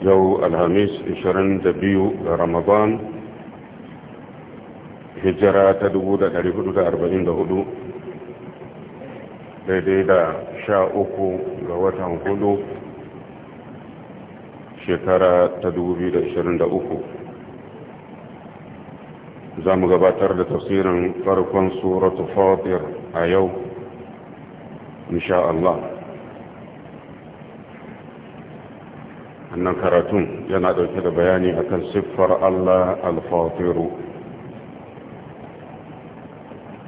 yau alhamis 22 ga ramadan hijira ta 1444 daidai da sha uku ga watan hudu shekara ta 2023 za mu gabatar da tafsirin farkon suratu fatir a yau insha Allah wannan karatun yana dauke da bayani akan siffar Allah al-fatiru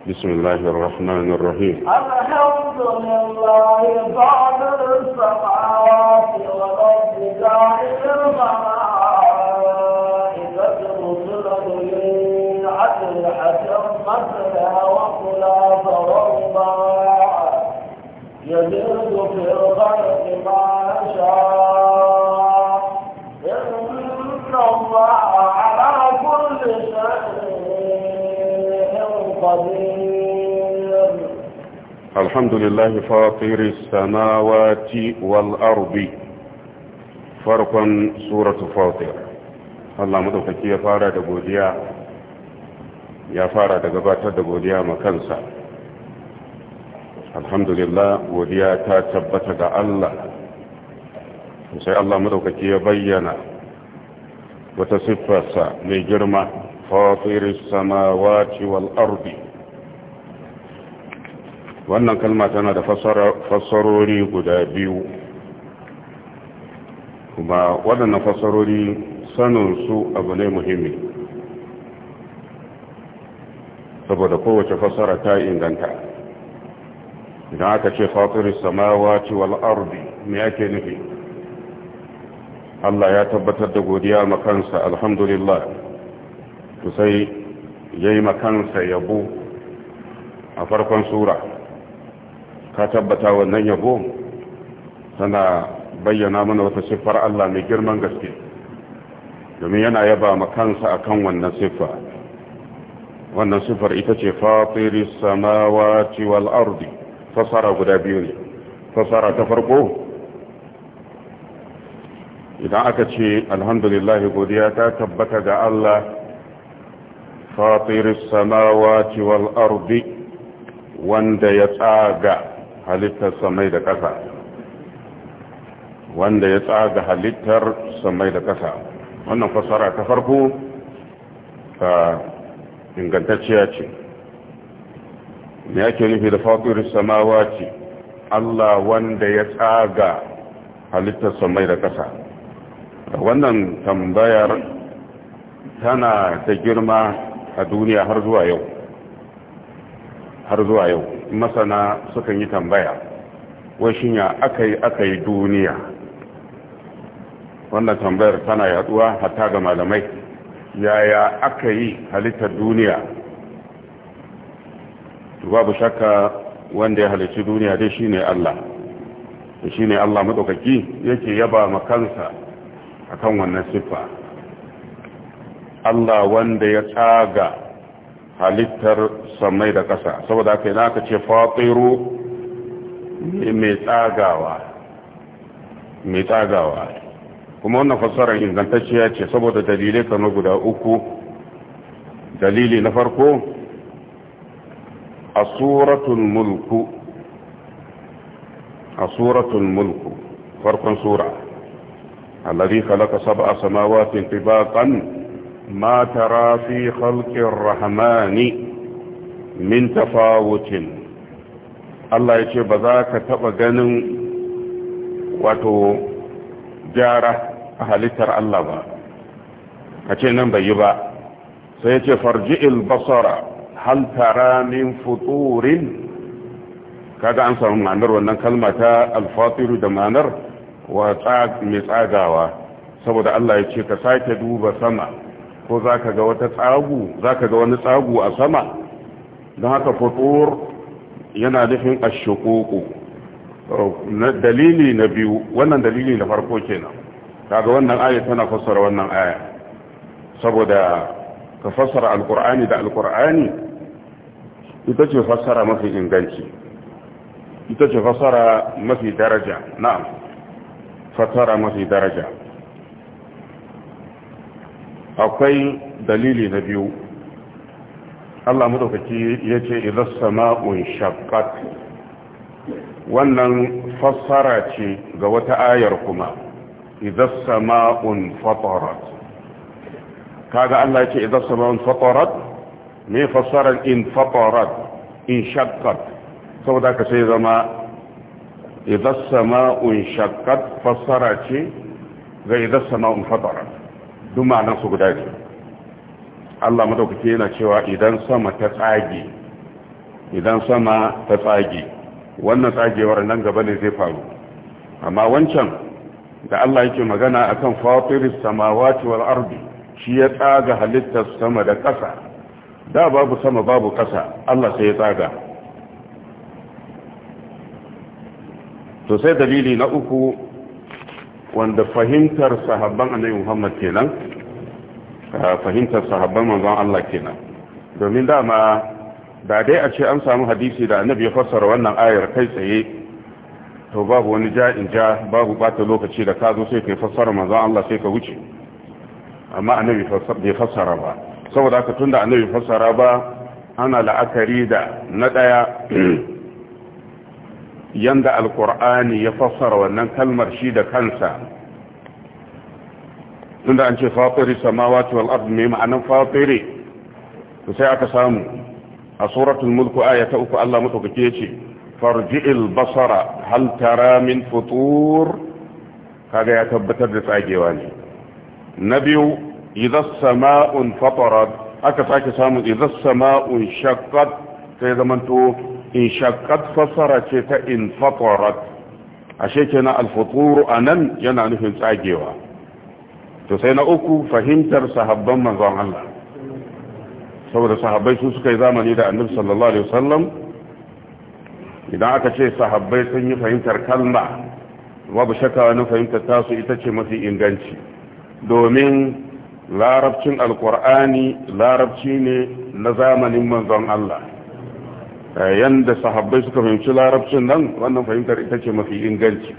بسم الله الرحمن الرحيم الحمد لله فاطر السماوات والارض جاعل الملائكه رسلا للعدل اتمتها وخلاف ربا يزيد في الخلق ما يشاء الحمد لله فاطر السماوات والأرض فرقا سورة فاطر الله مدوكك يا فارد بوديا يا فارد قبات بوديا مكانسا الحمد لله بوديا تثبت الله وسي الله madaukaki ya bayyana wata siffarsa mai فاطر السماوات والأرض wannan kalma tana da fassarori guda biyu kuma waɗannan fassarori saninsu abu ne muhimmi saboda kowace fassara ta inganta idan aka ce fatiris samawati wal ardi me ake nufi Allah ya tabbatar da godiya makansa alhamdulillah to sai yi makansa yabo a farkon sura ka tabbata wannan yabo tana bayyana mana wata siffar Allah mai girman gaske domin yana yaba makansa kan wannan siffa wannan siffar ita ce fatiris samawati wal ardi fasara guda biyu ne fasara ta farko idan aka ce alhamdulillah godiya ta tabbata ga Allah فاطر السماوات والأرض wanda ya tsaga halittar samai da ƙasa wanda ya tsaga halittar samai da ƙasa wannan fasara ta farko ta ingantacciya ce ne ake nufi da faɗuwar samawa ce Allah wanda ya tsaga halittar samai da ƙasa wannan tambayar tana ta girma a duniya har zuwa yau har zuwa yau masana sukan yi tambaya wai shin aka yi aka yi duniya wannan tambayar tana yaduwa hatta ga malamai yaya aka yi halittar duniya babu shakka wanda ya halicci duniya dai shine Allah shine Allah madaukaki yake yaba makansa akan wannan siffa Allah wanda ya tsaga halittar samai da ƙasa saboda haka yana aka ce fatiru mai tsagawa mai tsagawa kuma wannan fassarar ingantacciya ce saboda dalilai kano guda uku dalili na farko a suratun mulku a suratun mulku farkon sura saba خلق سبع سماوات طباقا ما ترى في خلق الرحمن من تفاوت الله يجي بذاك تبغن واتو جارة أهلتر الله با كتين نبي با سيجي فرجع البصر هل ترى من فطور kaga an samu ma'anar wannan kalma ta alfatiru da ma'anar wa mai tsagawa saboda Allah ya ce ka sake duba sama ko za ka ga wata tsagu za ka ga wani tsagu a sama don haka fatur yana nufin ashukuku dalili na biyu wannan dalili na farko kenan kaga wannan aya tana fassara wannan aya saboda ka fassara alkur'ani da alkur'ani ita ce fassara mafi inganci ita ce fassara mafi daraja na'am fassara mafi daraja akwai dalili na biyu Allah madaukaki ya ce idan sama'un shaqqat wannan fassara ce ga wata ayar kuma idan sama'un fatarat kaga Allah ya ce idan sama'un fatarat me fassarar in fatarat in shaqqat saboda ka sai zama idan sama'un shaqqat fassara ce ga idan sama'un fatarat duk ma'anar su guda biyu Allah madaukake yana cewa idan sama ta tsage idan sama ta tsage wannan tsagewar nan gaba ne zai faru amma wancan da Allah yake magana akan fatiris samawati wal ardi shi ya tsaga halittar sama da ƙasa da babu sama babu ƙasa Allah sai ya tsaga to sai dalili na uku wanda fahimtar sahabban annabi Muhammad kenan ah, fahimtar sahabban manzon Allah kenan domin dama da dai a ce an samu hadisi da annabi ya fassara wannan ayar kai tsaye to babu wani ja'in ja babu bata lokaci da ka zo sai kai fassara manzon Allah sai ka wuce amma annabi bai fassara ba saboda haka tunda annabi fassara ba ana la'akari da na daya yanda alkur'ani ya fassara wannan kalmar shi da kansa tunda an ce fatiri samawati wal ard mai ma'anan fatiri to sai aka samu a suratul mulk ayata uku Allah madaukake yace farji'il basara hal tara min futur kaga ya tabbatar da tsagewa ne na biyu idza sama'un fatarat aka sake samu idza sama'un shaqqat sai zaman to in shakkat fasara ce ta in fatarat ashe kenan alfuturu nan yana nufin tsagewa to sai na uku fahimtar sahabban manzon Allah saboda sahabbai su suka yi zamani da annabi sallallahu alaihi wasallam idan aka ce sahabbai sun yi fahimtar kalma babu shakka wani fahimtar tasu ita ce mafi inganci domin larabcin alkur'ani larabci ne na zamanin manzon Allah Eh, yanda sahabbai suka fahimci larabcin nan wannan fahimtar ita ce mafi inganci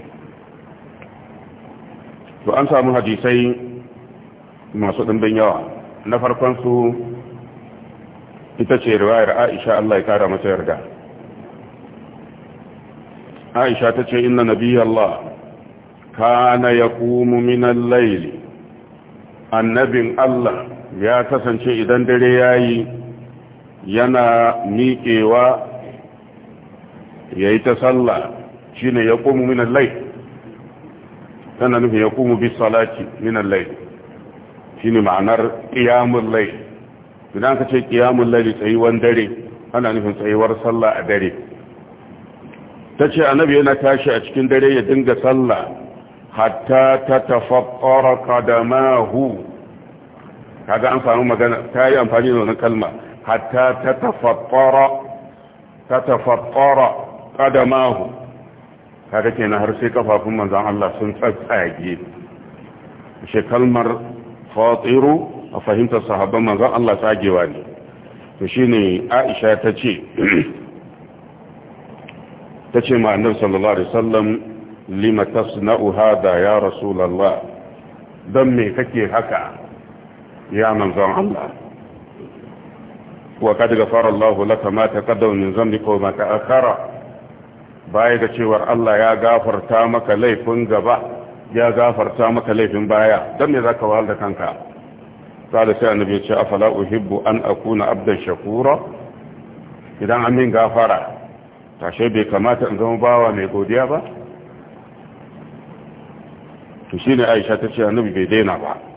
to an samu hadisai masu ɗimbin yawa na farkon su ita ce riwayar aisha Allah ya kara mata yarda aisha ta ce inna nabiya Allah kana ya kumu minan laili annabin Allah ya kasance idan dare ya yi yana miƙewa ya yi ta sallah shi ne ya ƙomu minan lai tana nufin ya ƙomu bi salati minan lai shi ne ma'anar ƙiyamun lai idan ka ce ƙiyamun lai tsayuwan dare ana nufin tsayuwar sallah a dare ta ce annabi yana tashi a cikin dare ya dinga sallah hatta ta tafattara kadamahu kaga an samu magana ta yi amfani da wani kalma hatta ta tafattara ta tafattara ke na har sai kafafun manzon Allah sun tsatsage shi kalmar fatiru a fahimtar sahabban manzon Allah tsagewa ne to shine Aisha ta ce ta ce ma sallallahu alaihi sallam lima tasna'u hada ya rasu rasulullah dan me kake haka ya manzon Allah wa kad ghafara laka ma taqaddama min dhanbika wa ma ta'akhkhara baya ga cewar Allah ya gafarta maka laifin gaba ya gafarta maka laifin baya dan me zaka wahal da kanka sai sai annabi ya ce afala uhibbu an akuna abdan shakura idan amin gafara tashe bai kamata in zama bawa mai godiya ba to shine Aisha tace annabi bai daina ba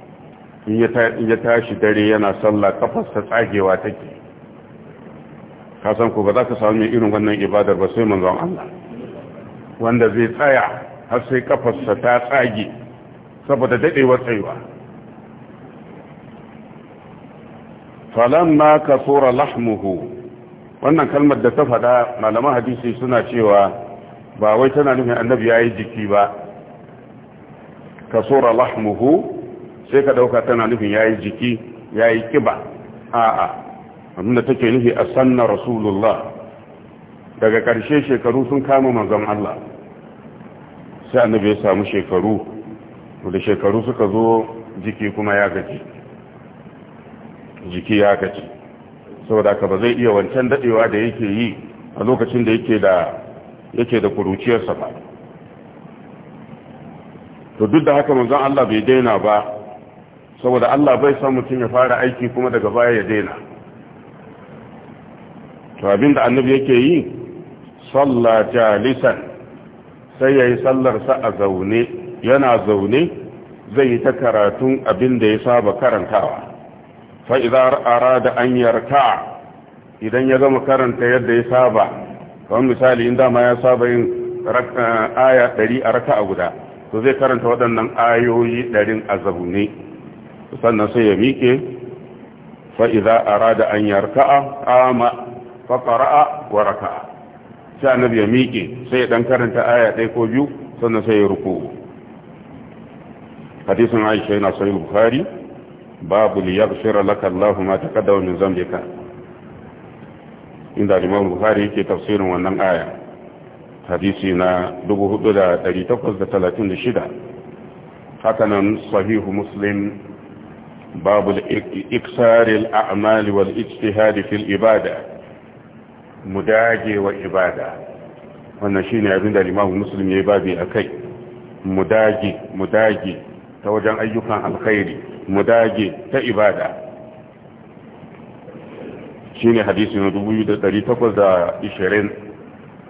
in ya tashi dare yana sallah ta tsagewa take kasan ku ba za ka samu mai irin wannan ibadar ba sai manzon Allah wanda zai tsaya har sai kafarsa ta tsage saboda dadewar tsayuwa falamma kasura lahmuhu wannan kalmar da ta faɗa malaman hadisi suna cewa ba wai tana nufin annabi yayi jiki ba kasura lahmuhu sai ka dauka tana nufin yayi jiki yayi kiba a'a abinda take nufi a sanna rasulullah daga karshe shekaru sun kama manzon Allah sai annabi ya samu shekaru da shekaru suka zo jiki kuma ya gaji jiki ya gaji saboda ka ba zai iya wancan dadewa da yake yi a lokacin da yake da yake da kuruciyarsa ba to duk da haka manzon Allah bai daina ba saboda Allah bai san mutum ya fara aiki kuma daga baya ya daina to abinda annabi yake yi salla jalisan sai yayi sallar sa a zaune yana zaune zai yi ta karatun abinda ya saba karantawa fa idza arada an yarka idan ya gama karanta yadda ya saba kamar misali inda ma ya saba yin aya 100 a raka'a guda to zai karanta waɗannan ayoyi 100 a zaune sannan sai ya miƙe fa'iza a rada an yarka'a ama faƙara'a wa raka'a sai annabi ya miƙe sai ya ɗan karanta aya ɗaya ko biyu sannan sai ya ruku hadisin aisha yana sai Buhari, babu liyar shira lakallahu ma ta kada wani zambika inda liman bukhari yake tafsirin wannan aya hadisi na 4836 hakanan sahihu muslim باب الاكثار الأعمال والاجتهاد في الإبادة مداجة وإبادة شيني أبن الإمام المسلم يبادي أكي مداجة مداجة توجه عن خيري مداجي تإبادة شيني حديث ندبوي داري تقضى إشرين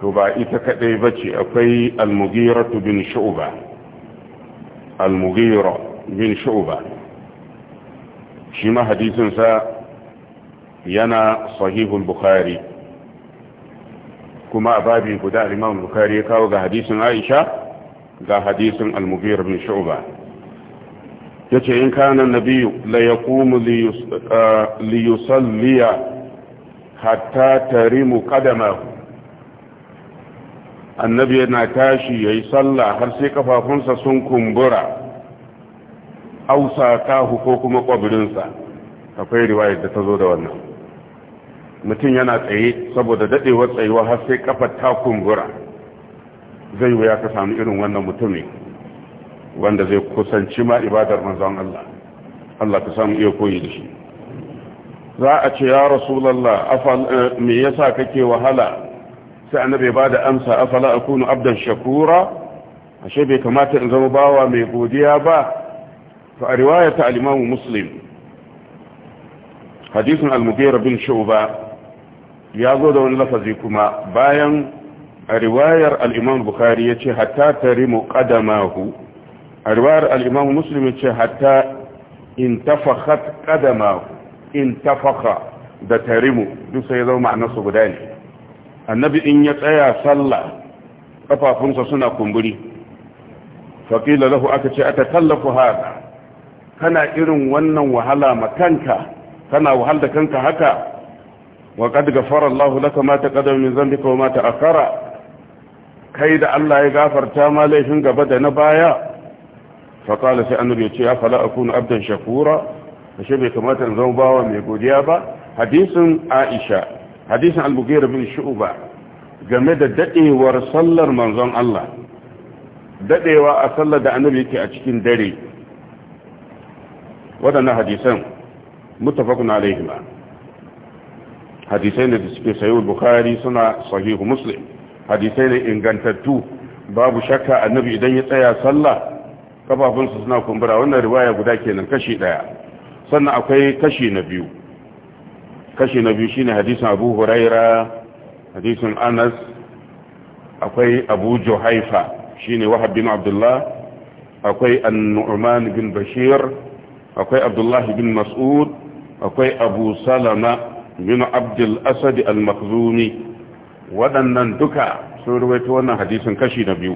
تبا إتكتي بشي أكي المغيرة بن شعبة المغيرة بن شعبة shi ma hadisinsa yana sahihul bukhari kuma a babi guda imam bukhari ya kawo ga hadisin aisha ga hadisin al-mughira bin shu'ba yace in kana nabiyyu la yaqumu li yusalliya hatta tarimu qadamahu annabi yana tashi yayi sallah har sai kafafunsa sun kumbura Hausa kahu ko kuma kwabirinsa akwai riwayar da ta zo da wannan mutum yana tsaye saboda dadewar tsayuwa har sai kafar ta kumbura zai wuya ka samu irin wannan mutumin wanda zai kusanci ma ibadar manzon Allah Allah ka samu iya koyi da shi za a ce ya rasulallah eh, me yasa kake wahala sai annabi ba da amsa afala akunu abdan shakura ashe bai kamata in zama bawa mai godiya ba to a riwaya ta al-Imam Muslim hadisin al bin Shu'ba ya zo da wani lafazi kuma bayan a riwayar al-Imam Bukhari yace hatta tarimu qadamahu a riwayar al-Imam Muslim yace hatta intafakhat qadamahu intafakha da tarimu duk sai zama ma'anarsu guda ne annabi in ya tsaya sallah kafafunsa suna kumburi faƙila lahu ata ce aka kana irin wannan wahala ma kanka kana wahal da kanka haka wa qad ghafara Allah laka ma taqaddama min dhanbika wa ma ta'akhkhara kai da Allah ya gafarta ma laifin gaba da na baya fa sai annabi ya ce ya fala akunu abdan shakura ashe bai kamata in zama bawa mai godiya ba hadisin Aisha hadisin al bin Shu'ba game da dadewar sallar manzon Allah dadewa a sallar da annabi yake a cikin dare waɗannan hadisan mutafakun alaihima hadisai ne da suke sayi bukari suna sahihu muslim hadisai ne ingantattu babu shakka annabi idan ya tsaya sallah kafafunsa suna kumbura wannan riwaya guda kenan kashi ɗaya. sannan akwai kashi na biyu kashi na biyu shine hadisin abu huraira hadisin anas akwai abu juhaifa shine wahab bin abdullah akwai an-nu'man bin bashir akwai abdullahi bin mas'ud akwai abu salama bin abdul asadi al-makhzumi waɗannan duka sun ruwaito wannan hadisin kashi na biyu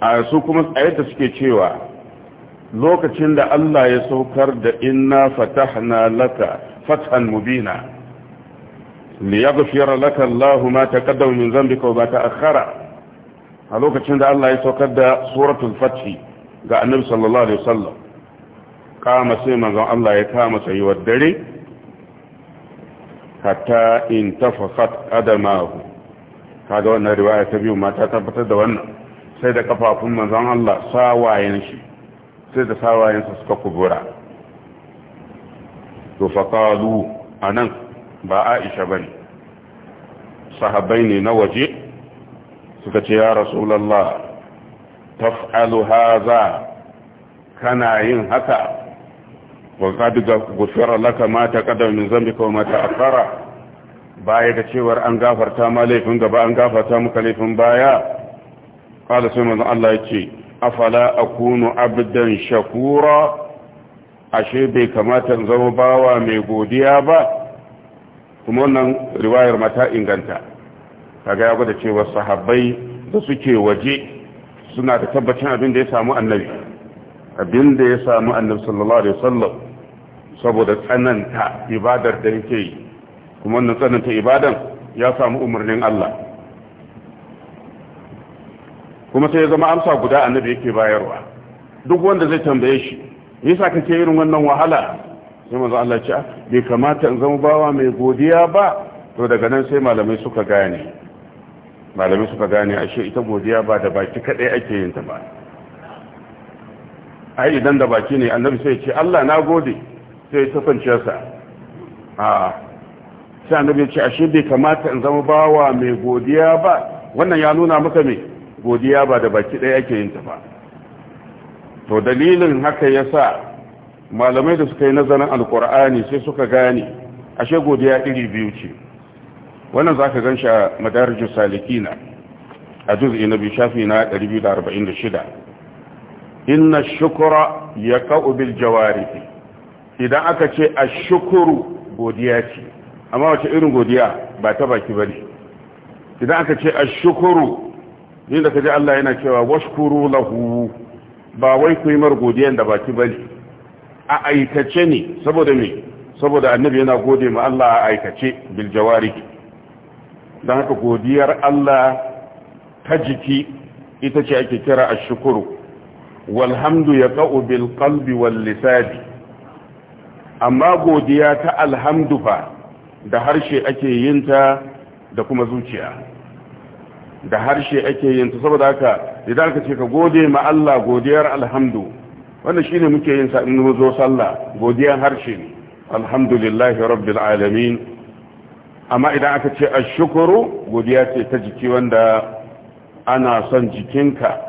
a su kuma ayyata suke cewa lokacin da Allah ya saukar da inna fatahna laka fathan mubina liyaghfira laka Allah ma taqaddama min dhanbika wa ma ta'akhkhara a lokacin da Allah ya saukar da suratul fath ga annabi sallallahu alaihi wasallam kama sai manzon Allah ya kama sayuwar dare hatta in tafaqat adamahu kaga wannan riwaya ta biyu mata ta tabbatar da wannan sai da kafafun manzon Allah sawayen shi sai da sawayen sa suka kubura to qalu anan ba Aisha bane sahabbai ne na waje suka ce ya rasulullah taf'alu haza kana yin haka wa qad gufira laka ma taqaddama min zambika wa mata ta'akhkhara baya da cewar an gafarta ma laifin gaba an gafarta muka laifin baya Kada sai manzon Allah yake afala akunu abdan shakura ashe bai kamata in zama bawa mai godiya ba kuma wannan riwayar mata inganta kaga ya gwada cewa sahabbai da suke waje suna da tabbacin abin da ya samu annabi abin da ya samu annabi sallallahu alaihi wasallam saboda tsananta ibadar da yake yi kuma wannan tsananta ibadan ya samu umarnin Allah kuma sai ya zama amsa guda annabi yake bayarwa duk wanda zai tambaye shi yasa kake irin wannan wahala sai manzo Allah ya ce ah, bai kamata in zama bawa mai godiya ba to daga nan sai malamai suka gane malami suka gane ashe ita godiya ba da baki kadai ake yin ta ba ai idan da baki ne annabi sai ce Allah na gode sai ta sa a sai annabi ce ashe bai kamata in zama bawa mai godiya ba wannan ya nuna maka me godiya ba da baki ɗaya ake yin ta ba to dalilin haka yasa malamai da suka yi nazarin alqur'ani sai suka gane ashe godiya iri biyu ce wannan za ka ganshi a madarajin salikina a juz'i na biyu shafi na 246 inna shukura ya ka'u bil jawarihi idan aka ce a shukuru godiya ce amma wace irin godiya ba ta baki ne, idan aka ce a shukuru din da kaji Allah yana cewa washkuru lahu ba wai ku yi mar godiyan da baki ne, a aikace ne saboda me saboda annabi yana gode ma Allah a aikace bil jawarihi don haka godiyar Allah ta jiki ita ce ake kira a shukuru walhamdu ya ka'u bilkalbi qalbi amma godiya ta alhamdu fa da harshe ake yin ta da kuma zuciya da harshe ake yin ta saboda haka idan ka ce ka gode ma Allah godiyar alhamdu wannan shine muke yin sa'in zo sallah godiyar harshe ne alhamdulillahi rabbil alamin amma idan aka ce a shukuru godiya ce ta jiki wanda ana son jikinka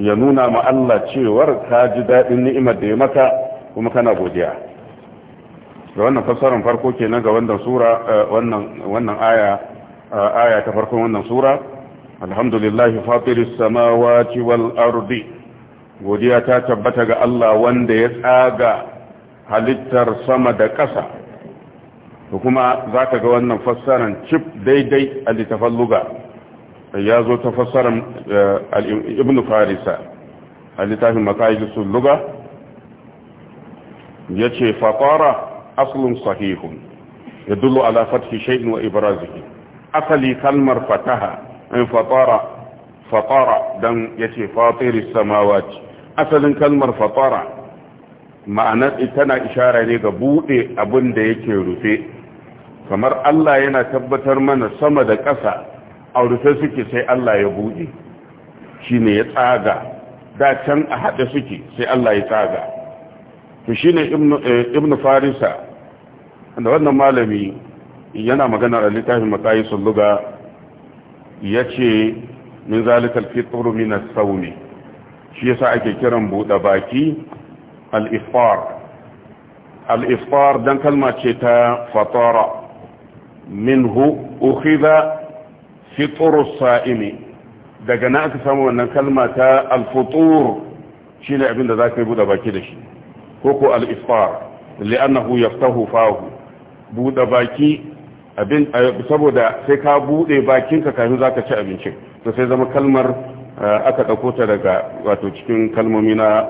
ya nuna ma Allah cewar ka ji daɗin ni'imar da ya maka kuma kana godiya da wannan fassarar farko kenan ga wannan sura eh, wannan aya eh, aya ta farkon wannan sura alhamdulillahi fatiris samawati wal ardi godiya ta tabbata ga Allah wanda ya tsaga halittar sama da ƙasa to kuma za ka ga wannan fassaran cif daidai a littafin luga ya zo ta fassaran eh, ibn farisa a littafin makayisun luga ya ce faƙara asalin sahihun ya dullo alafatki fathi shaidin wa ibrazihi asali kalmar fataha in eh, faƙara faƙara don ya ce fatiris samawaci asalin kalmar faƙara ma'anar tana ishara ne ga buɗe abin da yake rufe kamar Allah yana tabbatar mana sama da ƙasa a rufe suke sai Allah ya buɗe shi ne ya tsaga da can a haɗe suke sai Allah ya tsaga to shi ne ibn eh, farisa da wannan malami yana magana a littafin matsayi sulluga ya ce min zalikal fitru min as shi yasa ake kiran buɗe baki al-iftar al-iftar dan kalma ce ta fatara minhu ukhidha fitru daga na aka samu wannan kalma ta al shine abin da zaka yi buɗe baki da shi ko ko al li'annahu yaftahu fahu buɗe baki abin saboda sai ka buɗe bakinka kafin zaka ci abincin to sai zama kalmar eh, aka ɗauko ta daga wato cikin kalmomi na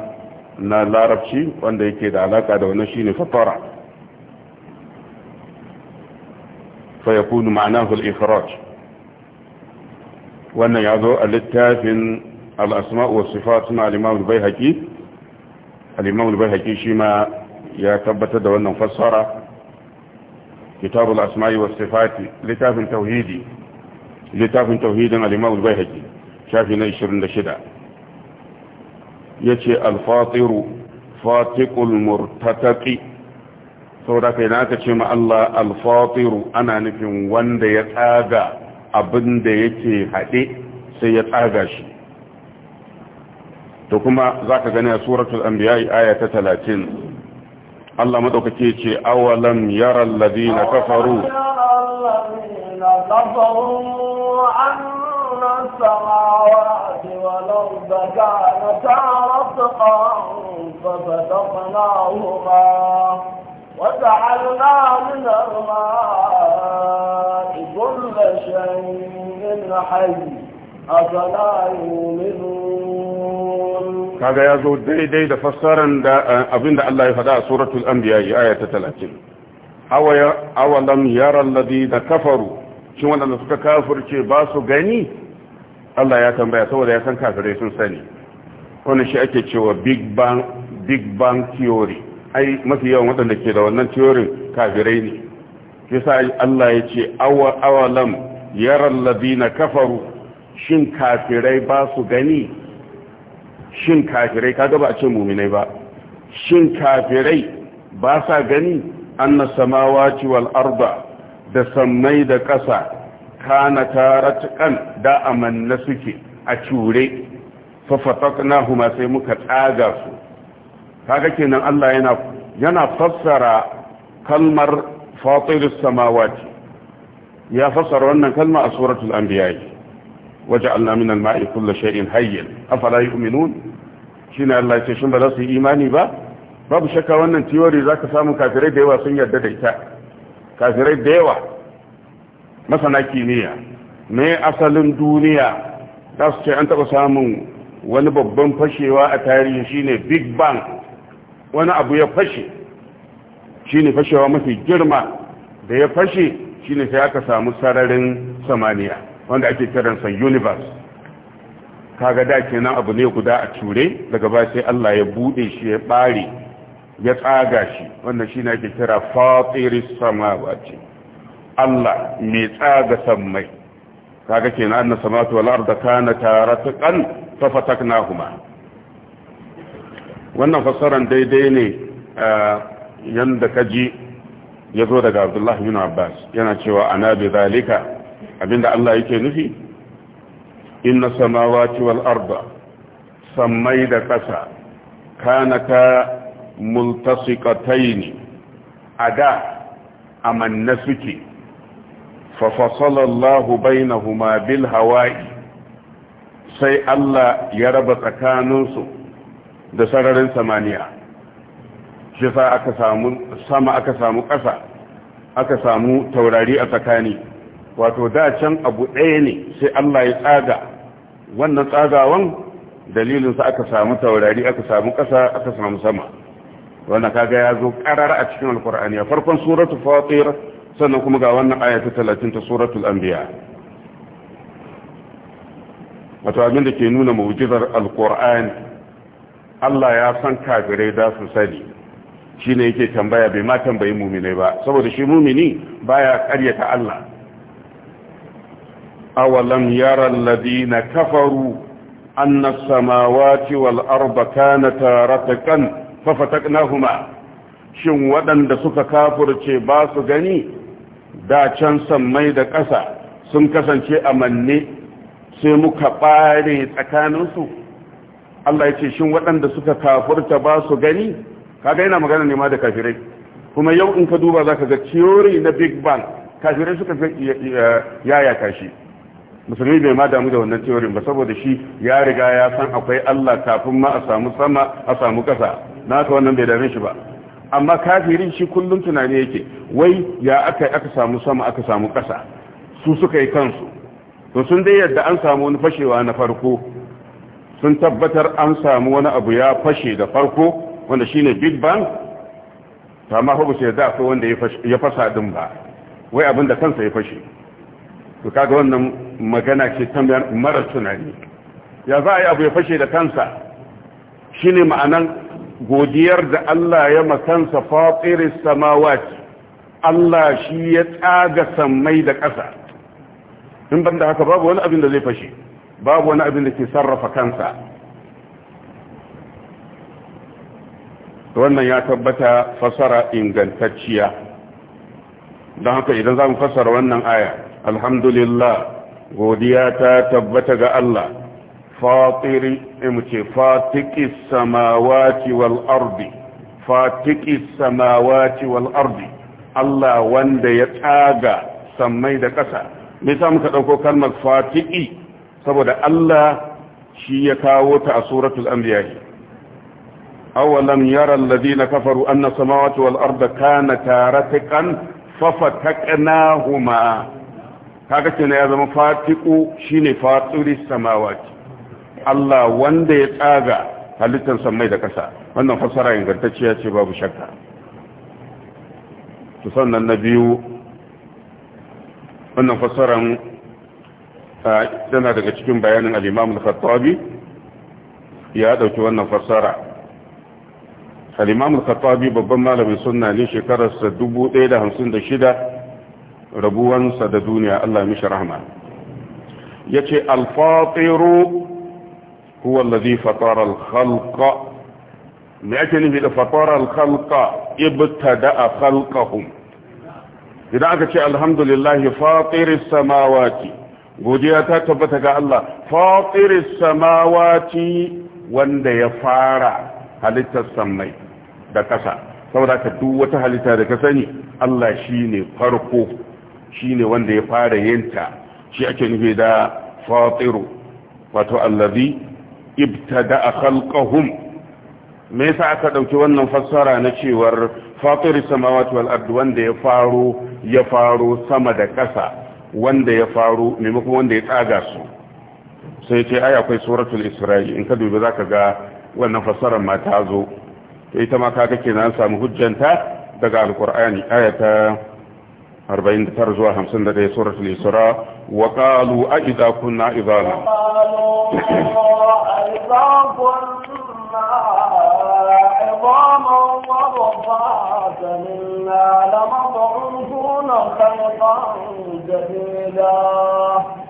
na larabci wanda yake da alaka da wannan shine fatara فيكون معناه الإخراج وأن يعذو الاتاف الأسماء والصفات مع الإمام البيهكي الإمام البيهكي شما يتبت دوانا فسر كتاب الأسماء والصفات لتاف توهيدي لتاف توهيد الإمام البيهكي شافنا إشرين لشدة يتي الفاطر فاتق المرتتقي saboda kai na ka ce ma Allah alfatiru ana nufin wanda ya tsaga abin da yake haɗe sai ya tsaga shi to kuma za ka gani a suratul anbiya aya ta talatin Allah maɗaukake ce awalam yaral ladina kafaru السماوات والأرض كانتا رتقا ففتقناهما وجعلنا من الماء كل شيء حي أفلا يؤمنون كذا يزو دي دي ده فسرن ده أبين ده الله يفدع سورة الأنبياء آية 30 أولم يرى الذين كفروا shin waɗanda suka kafirce ba su gani Allah ya tambaya saboda ya san kafirai sun sani wani shi ake cewa big bang theory ai mafi yawan waɗanda ke da wannan teorin kafirai ne kisa Allah ya ce awalam yaran labina kafaru shin kafirai ba su gani shin kafirai kaga ba a ce muminai ba shin kafirai ba sa gani annas samawati wal arda da sammai da ƙasa kana taratkan da amanna suke a cure fa huma sai muka tsaga su kaga kenan Allah yana yana fassara kalmar fatirus samawati ya fassara wannan kalma a suratul anbiya waja'alna min al-ma'i kulli shay'in hayyin afala yu'minun shine Allah ya ce ba za su yi imani ba babu shakka wannan theory zaka samu kafirai da yawa sun yarda da ita kafirai da yawa masana kimiyya me asalin duniya za su ce an taɓa samun wani babban fashewa a tarihi shine big bang wani abu ya fashe shi ne fashewa mafi girma da ya fashe shi ne sai aka samu sararin samaniya wanda ake kiran kiransa universe kaga da kenan abu ne guda a ture daga ba sai Allah ya bude shi ya bare ya tsaga shi wannan shine ake kira fatiris samawati Allah mai tsaga sammai kaga kenan annasamatu wal arda kanata ratqan fataknahuma wannan fassaran daidai ne yadda ka ji ya zo daga abdullahi bin abbas yana cewa ana bi zalika abinda allah yake nufi inna samawati wal arda sammai da ƙasa kanaka A da amanna suke fa fasala allah bil hawa'i sai allah ya raba tsakaninsu da sararin samaniya shi sa aka samu sama aka samu ƙasa aka samu taurari a tsakani wato da can abu ɗaya ne sai Allah ya tsaga wannan tsagawan dalilinsa aka samu taurari aka samu ƙasa aka samu sama wannan kaga ya zo ƙarar a cikin alkur'ani a farkon suratul fatir sannan kuma ga wannan aya ta 30 ta suratul anbiya wato abin da ke nuna mu'jizar alkur'ani Allah ya san kafirai da su sani shi ne yake tambaya bai ma tambayi mumini ba saboda shi mumini baya karyata Allah awalam yara alladhina kafaru anna as-samawati wal arda kanata ratqan fafataqnahuma shin waɗanda suka kafurce ba su gani da can sammai da ƙasa sun kasance a manne sai muka ɓare tsakaninsu Allah ya ce shin waɗanda suka kafurta ba su gani kaga yana magana ne ma da kafirai kuma yau in ka duba zaka ga theory na big bang kafirai suka fi yaya kashi musulmi bai ma damu da wannan theory ba saboda shi ya riga ya san akwai Allah kafin ma a samu sama a samu kasa na ka wannan bai dame shi ba amma kafirin shi kullum tunani yake wai ya aka aka samu sama aka samu kasa su suka yi kansu to sun dai yadda an samu wani fashewa na farko sun tabbatar an samu wani abu ya fashe da farko wanda shine big bang ta ma ba su yarda akwai wanda ya fasa din ba wai abin da kansa ya fashe to kaga wannan magana ke ta mara tunani ya za a yi abu ya fashe da kansa shine ma'anan godiyar da Allah ya makansa fatiris samawati Allah shi ya tsaga sammai da ƙasa in ban da haka babu wani abin da zai fashe babu wani abin da ke sarrafa kansa wannan ya tabbata fasara ingantacciya don haka idan za mu fasara wannan aya alhamdulillah godiya ta tabbata ga Allah fatiri imce fatiki samawati wal ardi fatiki samawati wal ardi Allah wanda ya tsaga sammai da ƙasa me sa muka ɗauko kalmar fatiki saboda Allah shi ya kawo ta a suratul anbiya awalam yara alladhina kafaru anna samawati wal arda kanata ratqan fafataqnahuma kaga kenan ya zama fatiqu shine fatiris samawati Allah wanda ya tsaga halittar samai da kasa wannan fassara ingantacciya ce babu shakka to sannan na biyu wannan fassaran. tana daga cikin bayanin al-imam al ya dauki wannan fassara al-imam al-khattabi babban malamin sunna ne shekararsa 1056 rabuwansa da duniya Allah ya mishi rahma yace al-fatiru huwa alladhi fatara al-khalqa me ake nufi da fatara da a halka khalqahum idan aka ce alhamdulillah fatiris samawati godiya ta tabbata ga Allah fatiris samawati wanda ya fara halittar sammai da ƙasa saboda ka duk wata halitta da ka sani Allah shine farko shine wanda ya fara yinta shi ake nufi da fatiru wato allazi ibtada khalqahum me yasa aka dauki wannan fassara na cewar fatiris samawati wal ard wanda ya faro ya faro sama da ƙasa wanda ya faru maimakon wanda ya tsaga su sai ce ai akwai suratul isra'i in ka dubi zaka ga wannan fassarar ma ta zo to ita ma kaga kenan samu hujjanta daga alqur'ani ayata 49 zuwa 51 suratul isra wa qalu a idza kunna idza عظاما ورفاتا منا لمضعوفون خلقا جديدا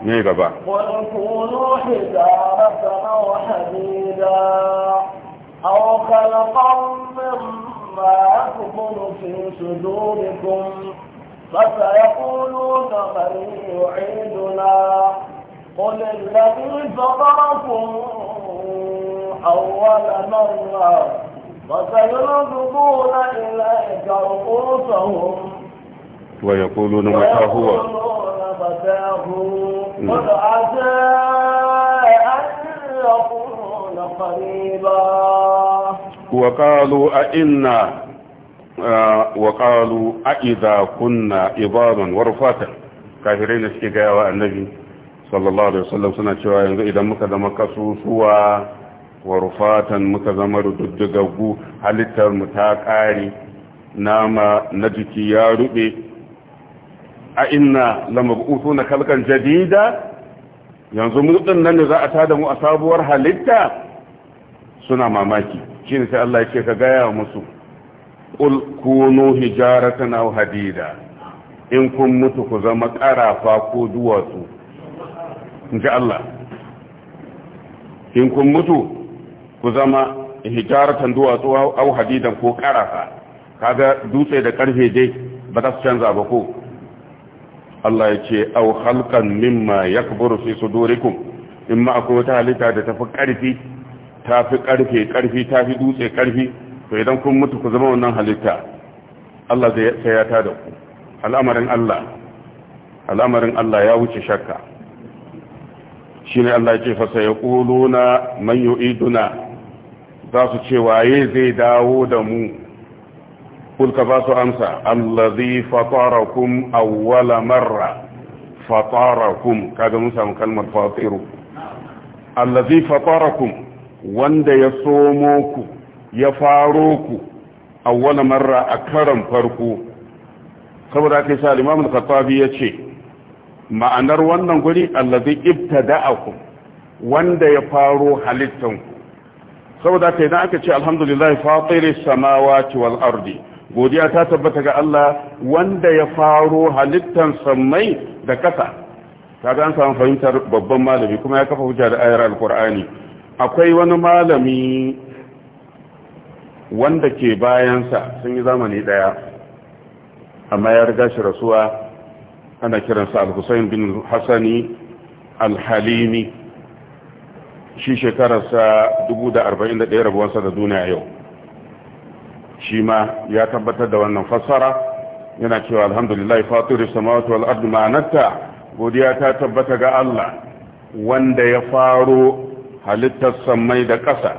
ني نعم بابا قل كونوا حجارة أو حديدا أو خلقا مما يكبر في صدوركم فسيقولون من يعيدنا قل الذي فطركم أول مرة فسيردون إليك رؤوسهم ويقولون متى هو قل عسى أن يكون قريبا وقالوا أئنا وقالوا أئذا كنا عظاما ورفاتا كافرين suke gayawa annabi sallallahu alaihi wasallam suna cewa yanzu idan muka zama kasusuwa War fatan muka zama rududdugaggu halittar mu ta ƙare nama na jiki ya rube a inna lamab'utu na kalkan jadida yanzu mutum nan ne za a tada mu a sabuwar halitta suna mamaki shi ne sai Allah ya ce ka gaya musu ƙul kunu hijaratan aw hadida in kun mutu ku zama ƙarafa ko duwatsu in ji Allah in kun mutu ku zama hijaratan duwatsu au hadidan ko karafa kaga dutse da karfe dai ba za su canza ba ko Allah ya ce au halkan mimma yakburu fi sudurikum in ma akwai wata halitta da tafi karfi tafi karfe karfi tafi dutse karfi to idan kun mutu ku zama wannan halitta Allah zai saya ta da ku al'amarin Allah al'amarin Allah ya wuce shakka shine Allah ya ce fa sayquluna man yu'iduna za su ce waye zai dawo da mu kulka ba su amsa allazi fatarakum awwala marra fatarakum kaga mun samu kalmar fatiru allazi fatarakum wanda ya somo ku ya faro ku awwala marra a karan farko saboda kai sa al-imam al-khattabi yace ma'anar wannan guri allazi ibtada'akum wanda ya faro halittanku saboda ta na aka ce alhamdulillah fatiri samawati wal ardi godiya ta tabbata ga Allah wanda ya faro halittan sammai da kasa kaga an samu fahimtar babban malami kuma ya kafa hujja da ayar alqur'ani akwai wani malami wanda ke bayansa sun yi zamani daya amma ya riga shi rasuwa ana kiransa al bin Hassani al-Halimi shi shekararsa 4041 rabuwarsa da duniya yau shi ma ya tabbatar da wannan fassara yana cewa alhamdulillah fatiru samawati wal ardi ma'anarta godiya ta tabbata ga Allah wanda ya faro halittar samai da ƙasa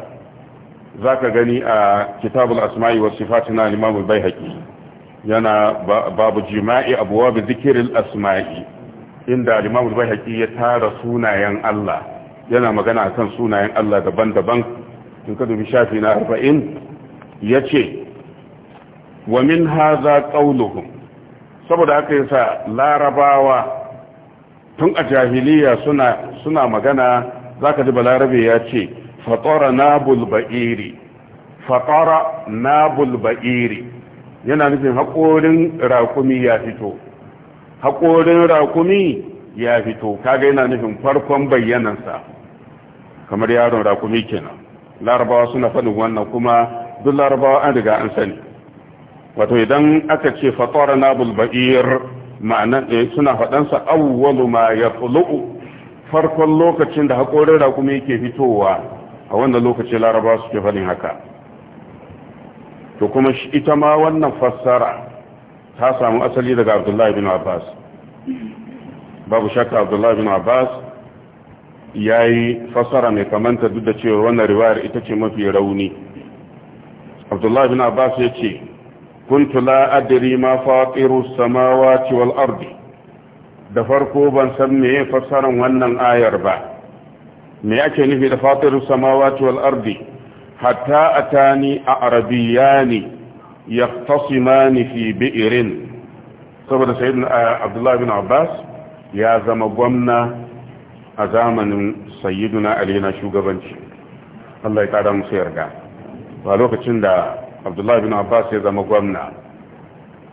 zaka gani a kitabul asma'i was sifati na al-imam al-baihaqi yana babu jima'i abwab dhikr al-asma'i inda al-imam al-baihaqi ya tara sunayen Allah yana magana a kan sunayen Allah daban-daban in ka dubi shafi na arba'in ya ce wa min haza qawluhum saboda haka sa larabawa tun a jahiliya suna suna magana ka ji larabe ya ce fatara nabul ba'iri fatara nabul ba'iri yana nufin haƙorin raƙumi ya fito haƙorin raƙumi ya fito kaga yana nufin farkon bayyanansa kamar yaron rakumi kenan larabawa suna faɗin wannan kuma duk larabawa an riga an sani wato idan aka ce fatara na bulba'ir ma'anan eh, suna faɗansa awwalu ma ya farkon lokacin da haƙorin rakumi yake fitowa a wannan lokaci larabawa suke fadin haka to kuma ita ma wannan fassara ta samu asali daga abdullahi bin abbas babu shakka abdullahi bin abbas ya yi fasara mai kamanta duk da cewa wannan riwayar ita ce mafi rauni abdullahi bin abbas ya ce kuntu la ma fatiru samawa ciwal ardi da farko ban san meye fasaran wannan ayar ba me ake nufi da fatiru samawa ciwal ardi hatta atani a arabiyani tasima nufi bi'irin saboda sayyidina eh, abdullahi bin abbas ya zama gwamna a zamanin sayyiduna ali na shugabanci Allah ya kada musu yarda ba lokacin da abdullahi bin abbas ya zama gwamna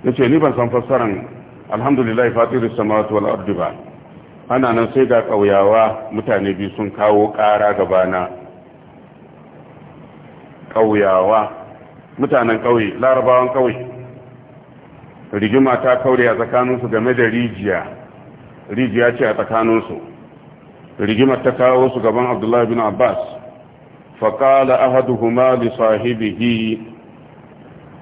yace ni ban san fassaran alhamdulillah fatiru samawati wal ardi ba ana nan sai ga kauyawa mutane biyu sun kawo kara gabana kauyawa mutanen kauye larabawan kauye rigima ta kaure a tsakaninsu game da rijiya rijiya ce a tsakaninsu rigimar ta kawo su gaban abdullahi bin abbas faƙala ahaduhuma li sahibihi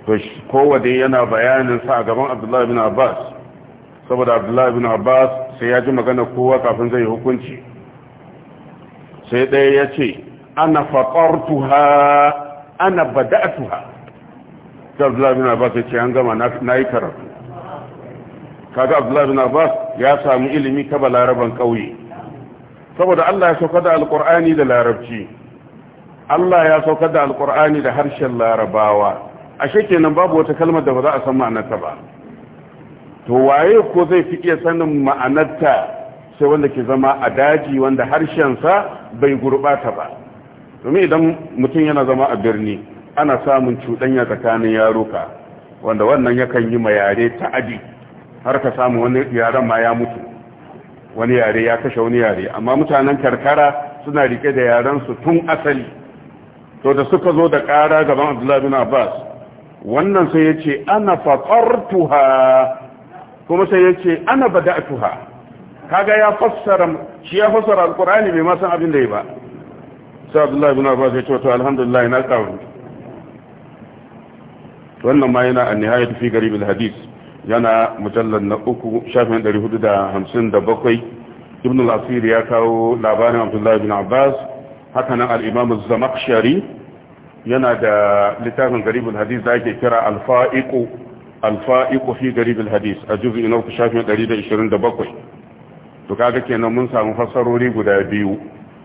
to kowane yana bayanin sa a gaban abdullahi bin abbas saboda abdullahi bin abbas sai ya ji magana kowa kafin zai hukunci sai ɗaya ya ce ana faƙartuha ana bada'atuha ta abdullahi bin abbas ya ce an gama na yi karatu kaga abdullahi bin abbas ya samu ilimi ta balaraban ƙauye saboda Allah ya sauka da alkur'ani da larabci Allah ya sauka da alkur'ani da harshen larabawa ashe nan babu wata kalmar da ba za a san ma'anarta ba to waye ko zai fi iya sanin ma'anarta sai wanda ke zama a daji wanda harshen sa bai gurbata ba domin idan mutum yana zama a birni ana samun cuɗanya tsakanin yaruka wanda wannan yakan yi ma yare adi har ka samu wani yaren ma ya mutu wani yare ya kashe wani yare amma mutanen karkara suna rike da yarensu tun asali to da suka zo da ƙara gaban abdullahi bin abbas wannan sai ya ce ana faƙartuha kuma sai ya ce ana bada'atuha kaga ya fassara shi ya fassara alƙur'ani bai masan abin da ya ba sai abdullahi bin abbas ya ce to alhamdulillah na ƙaru wannan ma yana an nihayatu fi garibul hadis yana mujallar na uku shafin 457 ibn al-asir ya kawo labarin abdullahi bin abbas hakanan al-imam zamakshari yana da littafin garibin hadis da ake kira alfa'iku alfa'iku fi garibin hadis a juzi na uku shafin 127 to kaga kenan mun samu fassarori guda biyu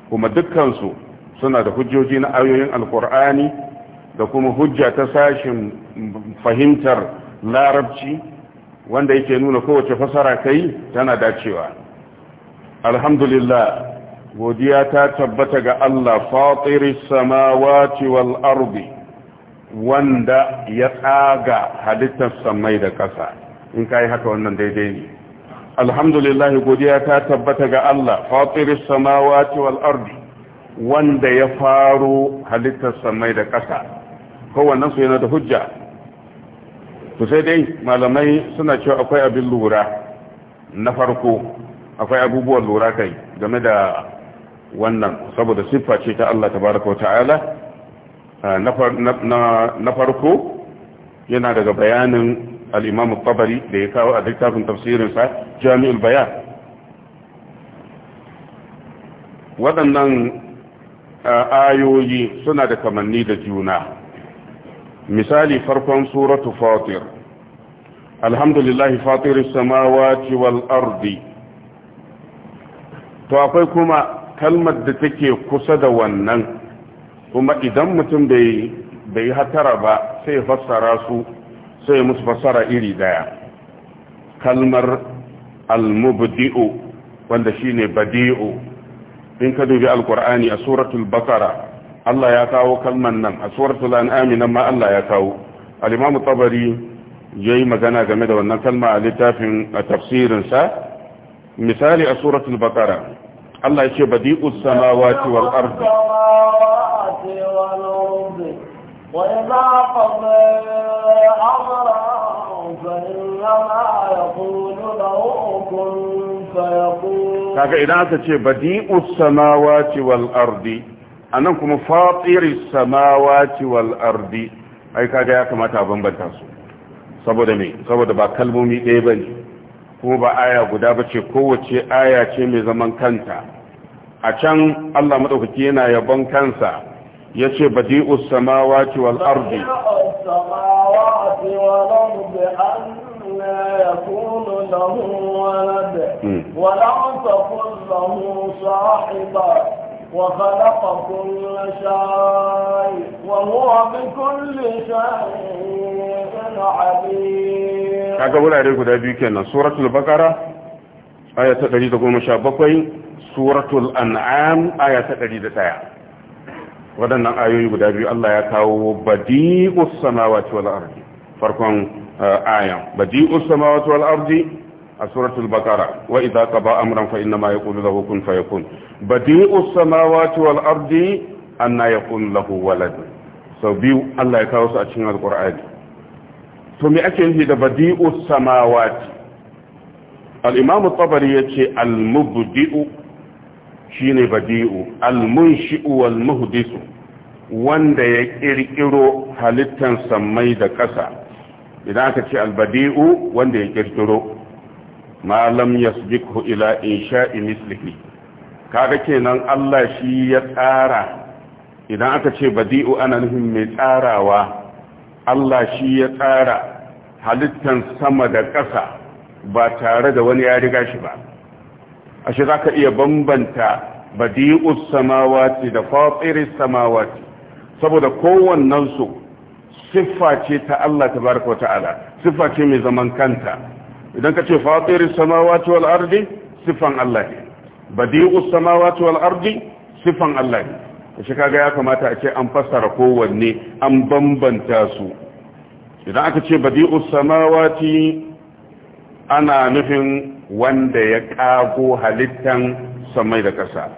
kuma dukkansu suna da hujjoji na ayoyin alkur'ani da kuma hujja ta sashin fahimtar larabci wanda yake nuna kowace fasara kai tana dacewa alhamdulillah godiya ta tabbata ga Allah fatiris samawati wal ardi wanda ya tsaga halittar samai da ƙasa in kai haka wannan daidai ne alhamdulillah godiya ta tabbata ga Allah fatiris samawati wal ardi wanda ya faro halittar samai da ƙasa kowannen su yana da hujja to sai dai malamai suna cewa akwai abin lura na farko akwai abubuwan lura kai game da wannan saboda siffa ce ta Allah tabaraka wa ta'ala ah, na farko yana daga bayanin al-imam da ya kawo a littafin tafsirinsa jami'ul baya waɗannan ah, ayoyi suna da kamanni da juna misali farkon suratu fatir alhamdulillahi fatir samawati wal ardi to akwai kuma kalmar da take kusa da wannan kuma idan mutum bai hatara ba sai fassara su sai musu fassara iri daya kalmar al-mubdi'u wanda shine badi'u in ka dubi alkur'ani a suratul bakara Allah ya kawo kalman nan a suratul an'am nan ma Allah ya kawo al-Imam Tabari yayi magana game da wannan kalma a littafin tafsirin sa misali a suratul baqara Allah ya ce badi'us samawati wal ardi وإذا قضى أمرا فإنما يقول له كن فيقول كيف إذا أتى بديء السماوات والأرض anan kuma fatiris samawati wal ardi ai kaga ya kamata a bambanta su saboda me saboda ba kalmomi ɗaya bane kuma ba aya guda bace kowace aya ce mai zaman kanta a can Allah madaukaki yana yabon kansa yace badi'us samawati wal ardi يكون له ولد ولم تكن له صاحبا وخلق كل شيء وهو بكل شيء عليم kaga wurare guda biyu kenan suratul bakara aya ta 117 suratul an'am aya ta 101 wadannan ayoyi guda biyu Allah ya kawo badi'us samawati wal ardi farkon ayan badi'us samawati wal ardi a suratul bakara wa idza qaba amran fa inna ma yaqulu lahu kun fayakun badi'us samawati wal ardi anna yakun lahu walad sau biyu Allah ya kawo su a cikin alqur'ani to me ake nufi da badi'us samawati al-imam at-tabari yace al-mubdi'u shine badi'u al-munshi'u wal muhdisu wanda ya kirkiro halittan samai da ƙasa idan aka ce al-badi'u wanda ya kirkiro ma lam yasbiqhu ila insha'i mislihi kaga kenan Allah shi ya tsara idan aka ce badi'u ana nuhin mai tsarawa Allah shi ya tsara halittan sama da ƙasa ba tare da wani ya riga shi ba ashe zaka iya bambanta badi'u samawati da fatiris samawati saboda kowannen su siffa ce ta Allah tabaraka wa ta'ala siffa ce mai zaman kanta idan ka ce fatirin samawati wal ardi sifan Allah ne samawati wal ardi sifan Allah ne shi kaga ya kamata a ce an fassara kowanne an bambanta su idan aka ce badi'u samawati ana nufin wanda ya kago halittan samai da ƙasa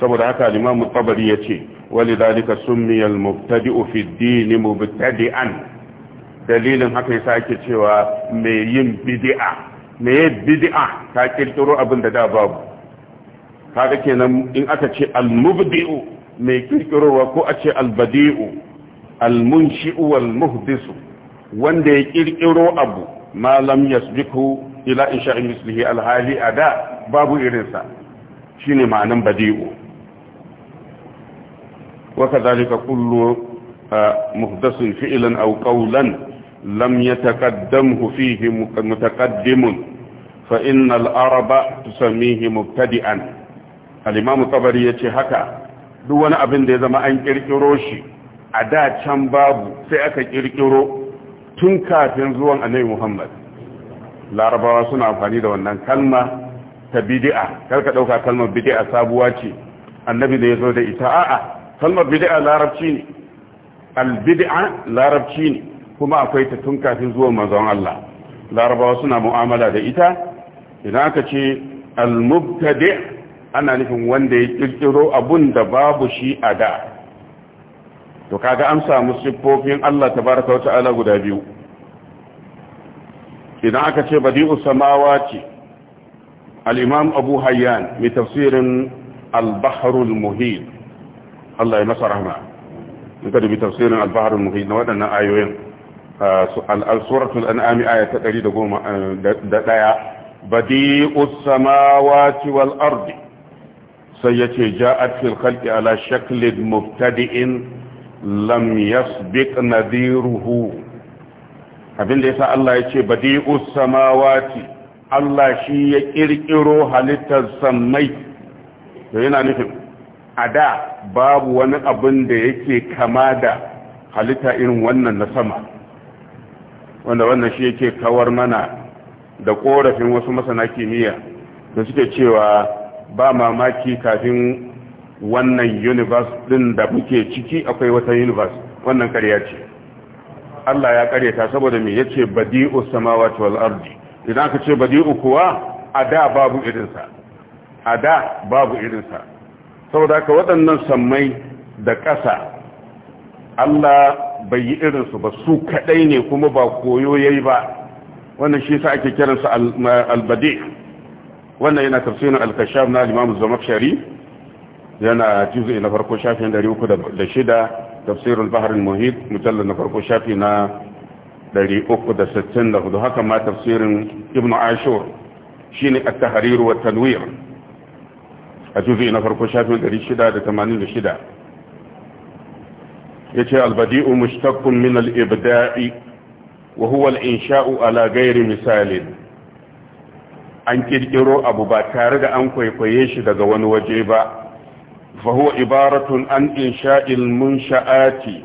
saboda haka limamu tabari ya ce wani dalika mubtadi'u fi dini mubtadi'an dalilin haka yasa ake cewa mai yin bid'a me bid'a ta kirkiro abin da da babu kaga kenan in aka ce al-mubdi'u mai kirkirowa ko a ce al-badi'u al-munshi'u wal-muhdisu wanda ya kirkiro abu malam lam yasbiqu ila insha'i mislihi al-hali ada babu irinsa shine ma'anan badi'u wa kadhalika kullu ah, muhdasun fi'lan aw qawlan لم يتقدمه فيه متقدم فإن العرب تسميه مبتدئا الإمام الطبري يتي هكا دون أبن دي زما أن كركروشي أدا كان باب سيأكا كركرو تنكا تنزوان أني محمد العرب واسنا أفاني دوانا كلمة تبدئة كالكا دوكا كلمة بدئة سابواتي النبي دي يزود إتاء كلمة بدئة العرب تشيني البدئة العرب تشيني kuma akwai ta tun kafin zuwa manzon Allah larabawa suna mu'amala da ita idan aka ce al-mubtadi ana nufin wanda ya kirkiro abun da babu shi a da to kaga an samu siffofin Allah tabaraka wa ta'ala guda biyu idan aka ce badi'us samawati al-imam Abu Hayyan mai tafsirin al-bahrul muhit Allah ya masa rahma in ka dubi tafsirin al-bahrul muhit na waɗannan ayoyin suratul da ɗaya ta 111 badi'us wa wal ardi sai yace ja fil khalqi ala shaklin mubtadi'in lam yasbiq nadhiruhu abinda yasa Allah yace wa ci. Allah shi ya kirkiro halittar sammai to yana nufin a da babu wani abin da yake kama da halitta irin wannan na sama wanda wannan shi yake kawar mana da korafin wasu masana kimiyya da suke cewa ba mamaki kafin wannan universe din da muke ciki akwai wata universe wannan karya ce Allah ya karyata saboda me yace badi'u samawati wal ardi idan aka ce badi'u kuwa ada babu irinsa ada babu irinsa saboda ka waɗannan sammai da ƙasa Allah bai yi irinsu ba su kadai ne kuma ba koyo yayi ba wannan shi sa ake kiransu albade wannan yana tafsirin al na limamu Imam Zamakhshari yana juz'i na farko shafin 306 tafsir al-bahr al-muhit mujallad na farko shafi na 364 haka ma tafsirin Ibn Ashur shine at-tahrir wa at-tanwir a juz'i na farko shafin 686 ce albadi'u mushtaqqun min al-ibda'i wa huwa al-insha'u ala ghairi misalin an kirkiro abu ba tare da an kwaikwaye shi daga wani waje ba fa huwa ibaratun an insha'il munsha'ati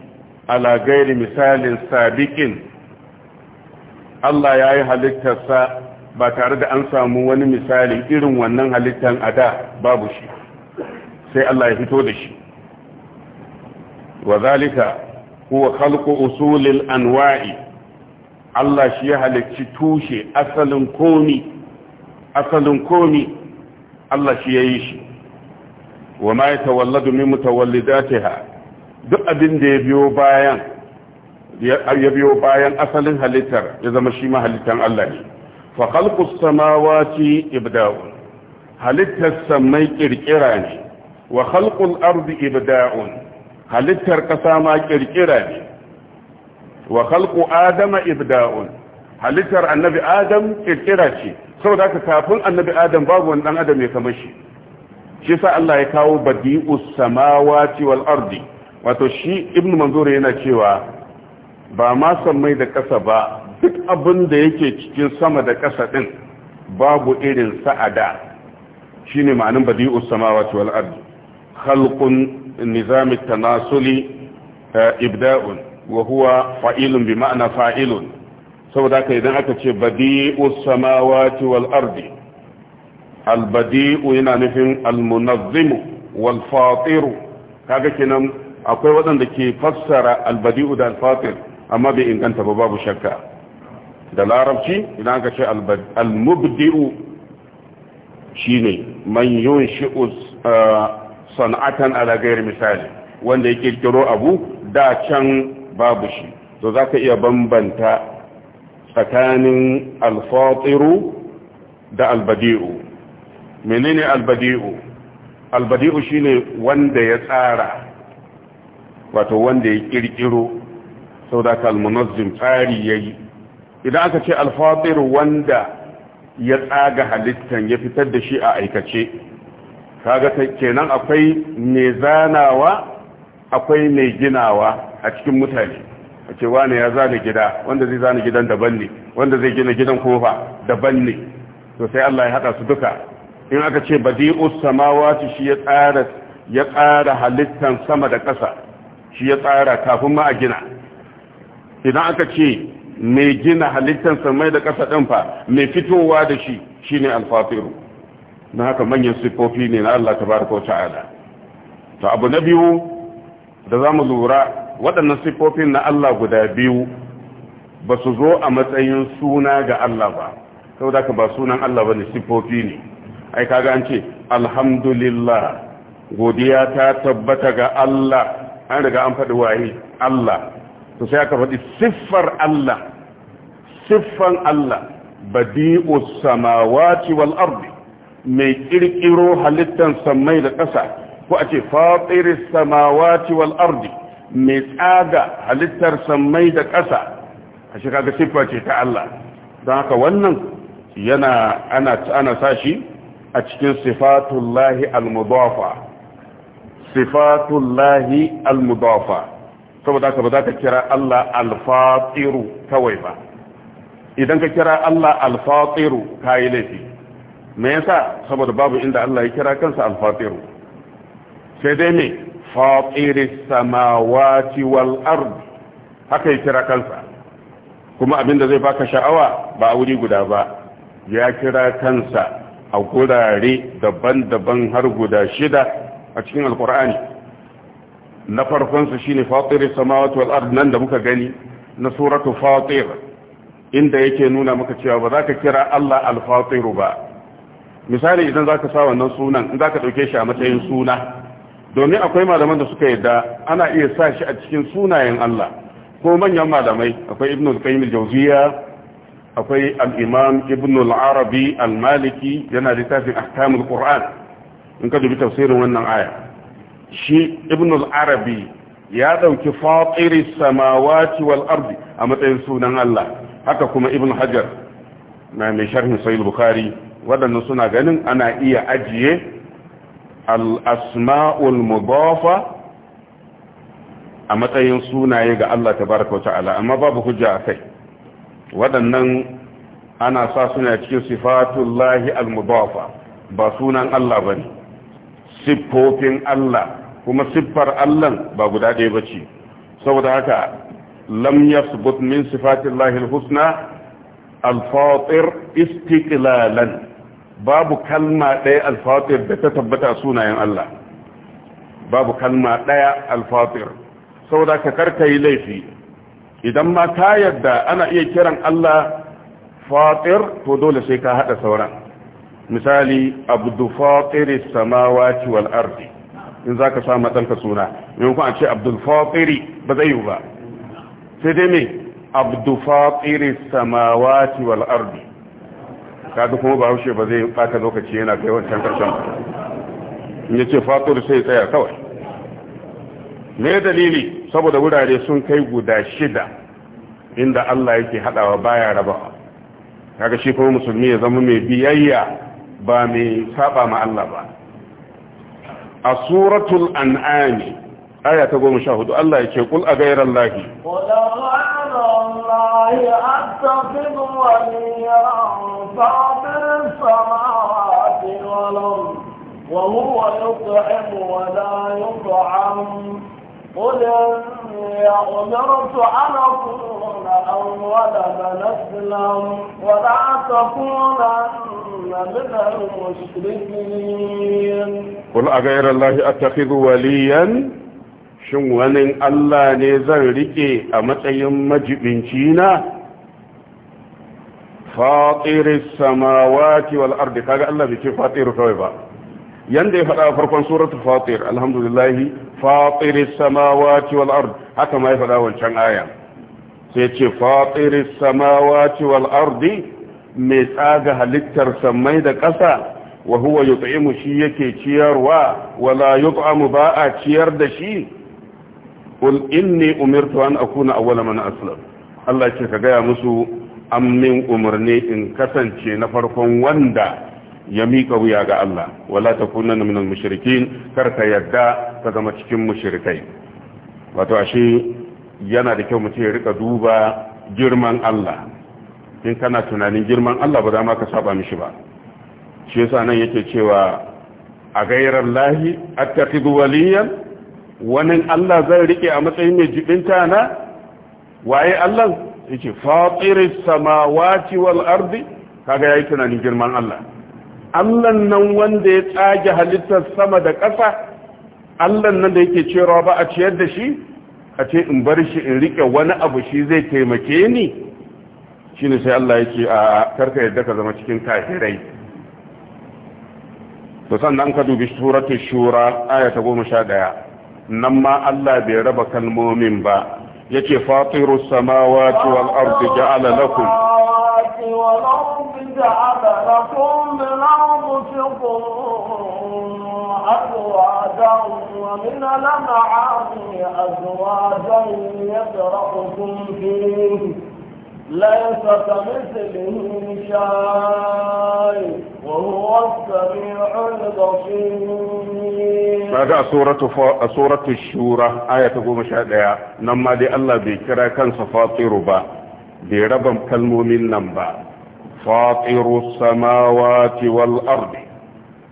ala ghairi misalin sabiqin Allah ya yi halittarsa ba tare da an samu wani misalin irin wannan halittar a da babu shi sai Allah ya fito da shi wa zalika huwa khalqu usulil anwa'i Allah shi ya halicci tushe asalin komi asalin komi Allah shi ya yi shi wa ma yatawalladu min mutawallidatiha duk abin da ya biyo bayan ya biyo bayan asalin halittar ya zama shi ma halittar Allah ne fa khalqus samawati ibda'un halittar samai ne wa khalqul ibda'un halittar ƙasa ma ƙirƙira ne wa halku adama ibda'un halittar annabi adam ƙirƙira ce saboda haka kafin annabi adam babu wani ɗan adam ya kama shi shi sa Allah ya kawo badi usamawa wal ardi wato shi Ibn manzur yana cewa ba ma mai da ƙasa ba duk abin da yake cikin sama da ƙasa ɗin babu irin sa'ada shine ma'anin badi usamawa wal ardi khalqun نظام التناسل إبداء وهو فائل بمعنى فائل سوداك إذا أكتش بديء السماوات والأرض albadi'u yana nufin almunazzimu wal fatiru kaga kenan akwai waɗanda ke fassara albadi'u da alfatir amma bai inganta ba babu shakka da larabci idan aka ce almubdi'u shine man yunshi'u san'atan ala gairi misali wanda ya kirkiro abu da can babu shi to za ka iya bambanta tsakanin alfatiru da albadi'u menene albadi'u albadi'u shine wanda ya tsara wato wanda ya kirkiro sau da kalmunazzin tsari ya yi idan aka ce alfatiru wanda ya tsaga halittan ya fitar da shi a aikace kaga kenan akwai mai zanawa akwai mai ginawa a cikin mutane a ce wane ya zana gida wanda zai zana gidan daban ne wanda zai gina gidan kofa daban ne to sai Allah ya hada su duka in aka ce badi'us samawati shi ya tsara ya tsara halittan sama da ƙasa shi ya tsara kafin ma a gina idan aka ce mai gina halittan sama da ƙasa din fa mai fitowa da shi shine al-fatiru na haka manyan siffofi ne na Allah tabaraka wa ta'ala to abu na biyu da zamu lura waɗannan siffofin na Allah guda biyu ba su zo a matsayin suna ga Allah ba da ka ba sunan Allah bane siffofi ne ai kaga an ce alhamdulillah godiya ta tabbata ga Allah an riga an faɗi waye Allah to sai aka faɗi siffar Allah siffan Allah badi'us samawati wal ardi mai kirkiro halittan samai da ƙasa ko a ce fatiris samawati wal ardi mai tsaga halittar samai da ƙasa a shi siffa ce ta Allah don haka wannan yana ana ana sashi a cikin sifatullahi al-mudafa sifatullahi al-mudafa saboda haka ba za ka kira Allah al-fatiru kawai ba idan ka kira Allah al-fatiru kai laifi me yasa saboda babu inda Allah ya kira kansa al-fatir sai dai ne fatiris samawati wal ard haka ya kira kansa kuma abinda zai baka sha'awa ba a wuri guda ba ya kira kansa a gurare daban-daban har guda shida a cikin alkur'ani na farkonsa shine fatiris samawati wal ard nan da muka gani na suratu fatir inda yake nuna maka cewa ba za ka kira Allah al-fatir ba misali idan zaka sa wannan sunan in zaka dauke shi a matsayin suna domin akwai malaman da suka yadda ana iya sa shi a cikin sunayen Allah ko manyan malamai akwai ibn al-qayyim al-jawziya akwai al-imam ibn al-arabi al-maliki yana littafin ahkam al-qur'an in ka dubi tafsirin wannan aya shi ibn al-arabi ya dauki fatiri samawati wal ardi a matsayin sunan Allah haka kuma ibn hajar na mai sharhin sahih bukhari waɗannan suna ganin ana iya ajiye al'asma'ul mudafa a matsayin sunaye ga Allah ta baraka wa ta'ala amma babu hujja a kai waɗannan ana sa suna cikin sifatullahi al ba sunan Allah ba ne siffofin Allah kuma siffar Allah ba guda ɗaya ba ce saboda haka lam yasbut min sifatillahi al-husna alfatir istiklalan babu kalma ɗaya alfatir da ta tabbata sunayen Allah babu kalma ɗaya alfatir saboda ka karka yi laifi idan ma ta yadda ana iya kiran Allah fatir to dole sai ka haɗa sauran misali abdu fatiri samawati wal arzi in za ka sa matsanka suna yankun a ce abdul fatiri ba zai yi ba sai dai me abdu fatiris samawati wal ardi kaga kuma ba haushe ba zai baka lokaci yana kai wancan karshen in yace fatir sai tsaya kawai me dalili saboda wurare sun kai guda shida inda Allah yake hadawa baya raba kaga shi kuma musulmi ya zama mai biyayya ba mai saba ma Allah ba a suratul an'ami aya ta 14 Allah yake kul a ghayrallahi الله أتخذ وليا فاطر السماوات والأرض وهو يطعم ولا يطعم قل إني أمرت أن أكون أول من أسلم ولا تكونن من المشركين قل أغير الله أتخذ وليا shin wani Allah ne zan rike a matsayin majibinci na fatiris samawati wal ardi kaga Allah bai ce fatiru kawai ba yanda ya faɗa farkon suratu fatir alhamdulillah fatiris samawati wal ardi haka ma ya faɗa wancan aya sai ce fatiris samawati wal ardi mai tsaga halittar samai da ƙasa wa huwa yut'imu shi yake ciyarwa wala yut'amu ba a ciyar da shi qul inni umirtu an akuna awwala man aslam Allah ce ka gaya musu an min umarni in kasance na farkon wanda ya mika wuya ga Allah wala takunanna minal mushrikin karka yadda ka zama cikin mushrikai wato ashe yana da kyau mutum ya rika duba girman Allah in kana tunanin girman Allah ba za ma ka saba mishi ba shi yasa nan yake cewa a gairar lahi attakhidhu waliyan wani Allah zai rike a matsayin mai jibinta na waye Allah yake fatiris samawati wal ardi kaga yayi tunanin girman Allah Allah nan wanda ya tsage halittar sama da ƙasa Allah nan da yake cewa ba a ciyar da shi a ce in bar shi in rike wani abu shi zai taimake ni shine sai Allah yake a karka yadda ka zama cikin kafirai to sannan ka dubi suratul shura aya ta 11 nan ma Allah bai raba kalmomin ba yake fatiru samawati wal ardi ja'ala lakum أزواجا ومن الأنعام أزواجا يدرأكم فيه ليس كمثله شيء وهو السميع البصير kaga a suratu a suratu shura aya ta goma sha ɗaya nan ma dai Allah bai kira kansa fatiru ba bai raba kalmomin nan ba fatiru samawati wal ardi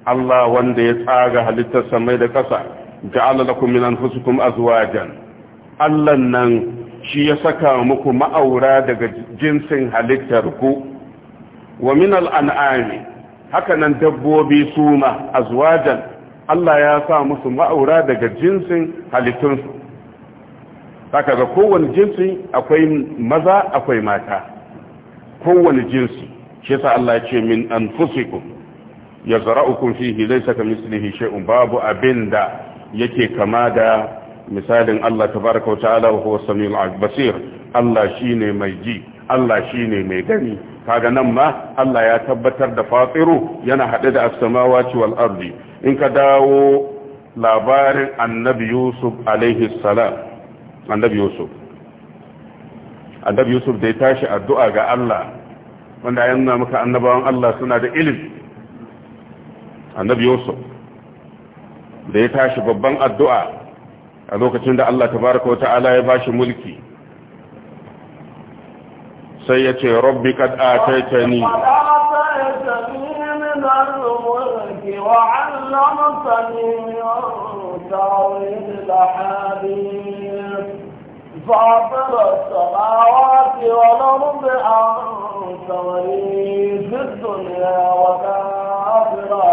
Allah wanda ya tsaga halittar samai da ƙasa ja'ala lakum min anfusikum azwajan Allah nan shi ya saka muku ma'aura daga jinsin halittar ku wa min haka hakanan dabbobi su ma azwajan Allah ya sa musu ma'aura daga jinsin halittunsu haka ga kowane jinsi akwai maza akwai mata kowane jinsi shi yasa Allah ya ce min anfusikum yazra'ukum fihi laysa kamithlihi shay'un babu abinda yake kama da misalin Allah tabaraka wa ta'ala wa huwa samiul basir Allah shine mai ji Allah shine mai gani kaga nan ma Allah ya tabbatar da fatiru yana hade da as-samawati wal ardi in ka dawo labarin annabi Yusuf alaihi salam annabi Yusuf annabi Yusuf da ya tashi addu'a ga Allah wanda ya nuna muka annabawan Allah suna da ilimi annabi Yusuf da ya tashi babban addu'a a lokacin da Allah tabaraka ta'ala ya bashi mulki sai ya ce rabbi kad ataitani وعلمتني من السماوات والأرض أنت ولي الدنيا والآخرة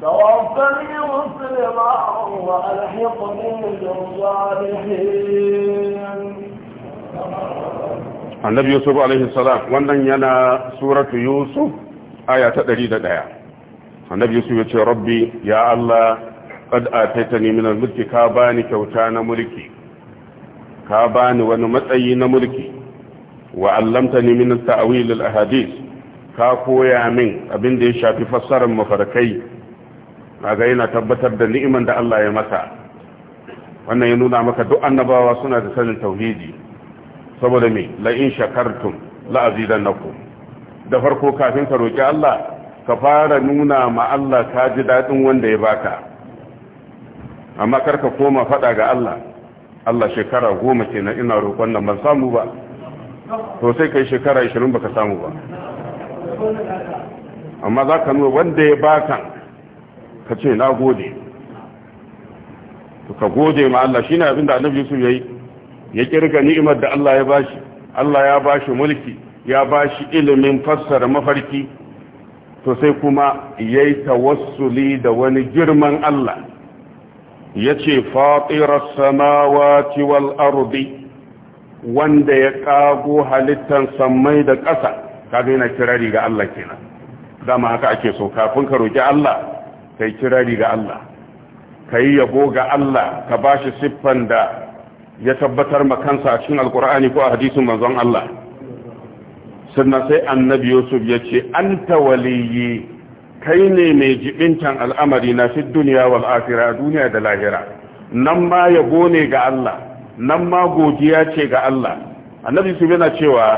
توفني مسلما والحقني بالظالمين النبي يوسف عليه السلام وانا ينا سورة يوسف آية تدريد الآية النبي يوسف يقول ربي يا الله قد آتيتني من الملك كاباني كوتان ملكي كاباني ونمتعي نملكي وعلمتني من التأويل الأحاديث كاكو يا من أبن دي شاكي فسر المفركي kaga yana tabbatar da ni'iman da Allah ya masa wannan ya nuna maka duk annabawa suna da sanin tauhidi saboda me la in shakartum la azidannakum da farko kafin ka roki Allah ka fara nuna ma Allah ka ji dadin wanda ya baka amma kar ka koma fada ga Allah Allah shekara goma kenan ina roƙon nan ban samu ba to sai kai shekara 20 baka samu ba amma za ka nuna wanda ya baka ka ce na gode ka gode ma Allah shi ne abinda annabi Yusuf ya yi ya kirga ni'imar da Allah ya bashi Allah ya bashi mulki ya bashi ilimin fassara mafarki to sai kuma ya yi tawassuli da wani girman Allah ya ce fatirar samawati wal ardi wanda ya kago halittar sammai da ƙasa kaga yana kirari ga Allah kenan dama haka ake so kafin ka roki Allah kai kirari ga Allah kai yabo ga Allah ka bashi siffan da ya tabbatar ma kansa a cikin alkur'ani ko a hadisin manzon Allah sannan sai annabi yusuf ya ce anta waliyyi kai ne mai jibintan al'amari na fi duniya wal akhira duniya da lahira nan ma yabo ne ga Allah nan ma godiya ce ga Allah annabi yusuf yana cewa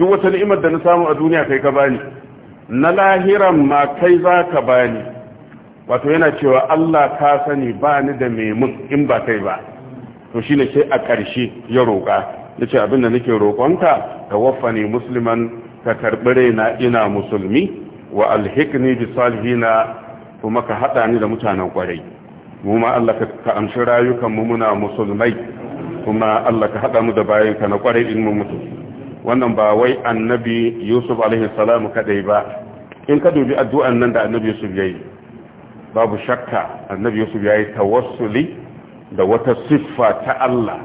duk wata ni'imar da na samu a duniya kai ka bani na lahiran ma kai za ka bani wato yana cewa Allah ka sani ba ni da mai mun in ba kai ba to shine sai a ƙarshe ya roƙa ya abin da nake roƙonka ka waffani musliman ka karɓi raina ina musulmi wa alhikni bi salihina kuma ka haɗa ni da mutanen ƙwarai mu ma Allah ka amshi rayukan mu muna musulmai kuma Allah ka haɗa mu da bayan ka na ƙwarai in mu mutu wannan ba wai annabi Yusuf alaihi salam kadai ba in ka dubi addu'an nan da annabi Yusuf yi. babu shakka annabi yusuf ya yi tawassuli da wata siffa ta Allah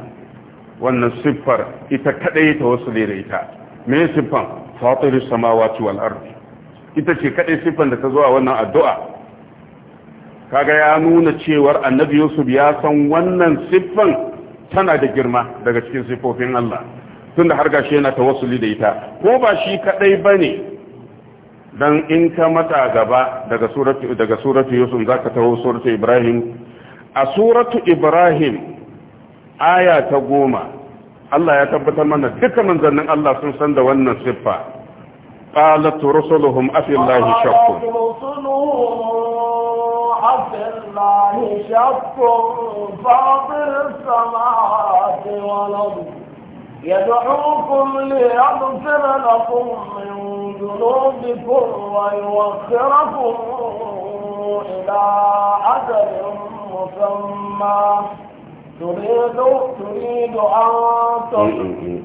wannan siffar ita kadai tawassuli da ita me siffan fatiru samawati wal ardi ita ce kadai siffan da ta zo a wannan addu'a kaga ya nuna cewar annabi yusuf ya san wannan siffan tana da girma daga cikin siffofin Allah tunda har gashi yana tawassuli da ita ko ba shi kadai bane dan in ka mata gaba daga suratu daga suratu yusuf zaka taho suratu ibrahim a suratu ibrahim aya ta goma Allah ya tabbatar mana duka manzannin Allah sun san da wannan siffa qalat rusuluhum afillahi shakku الله شق ذنوبكم ويوخركم إلى أجل مسمى تريد تريد أن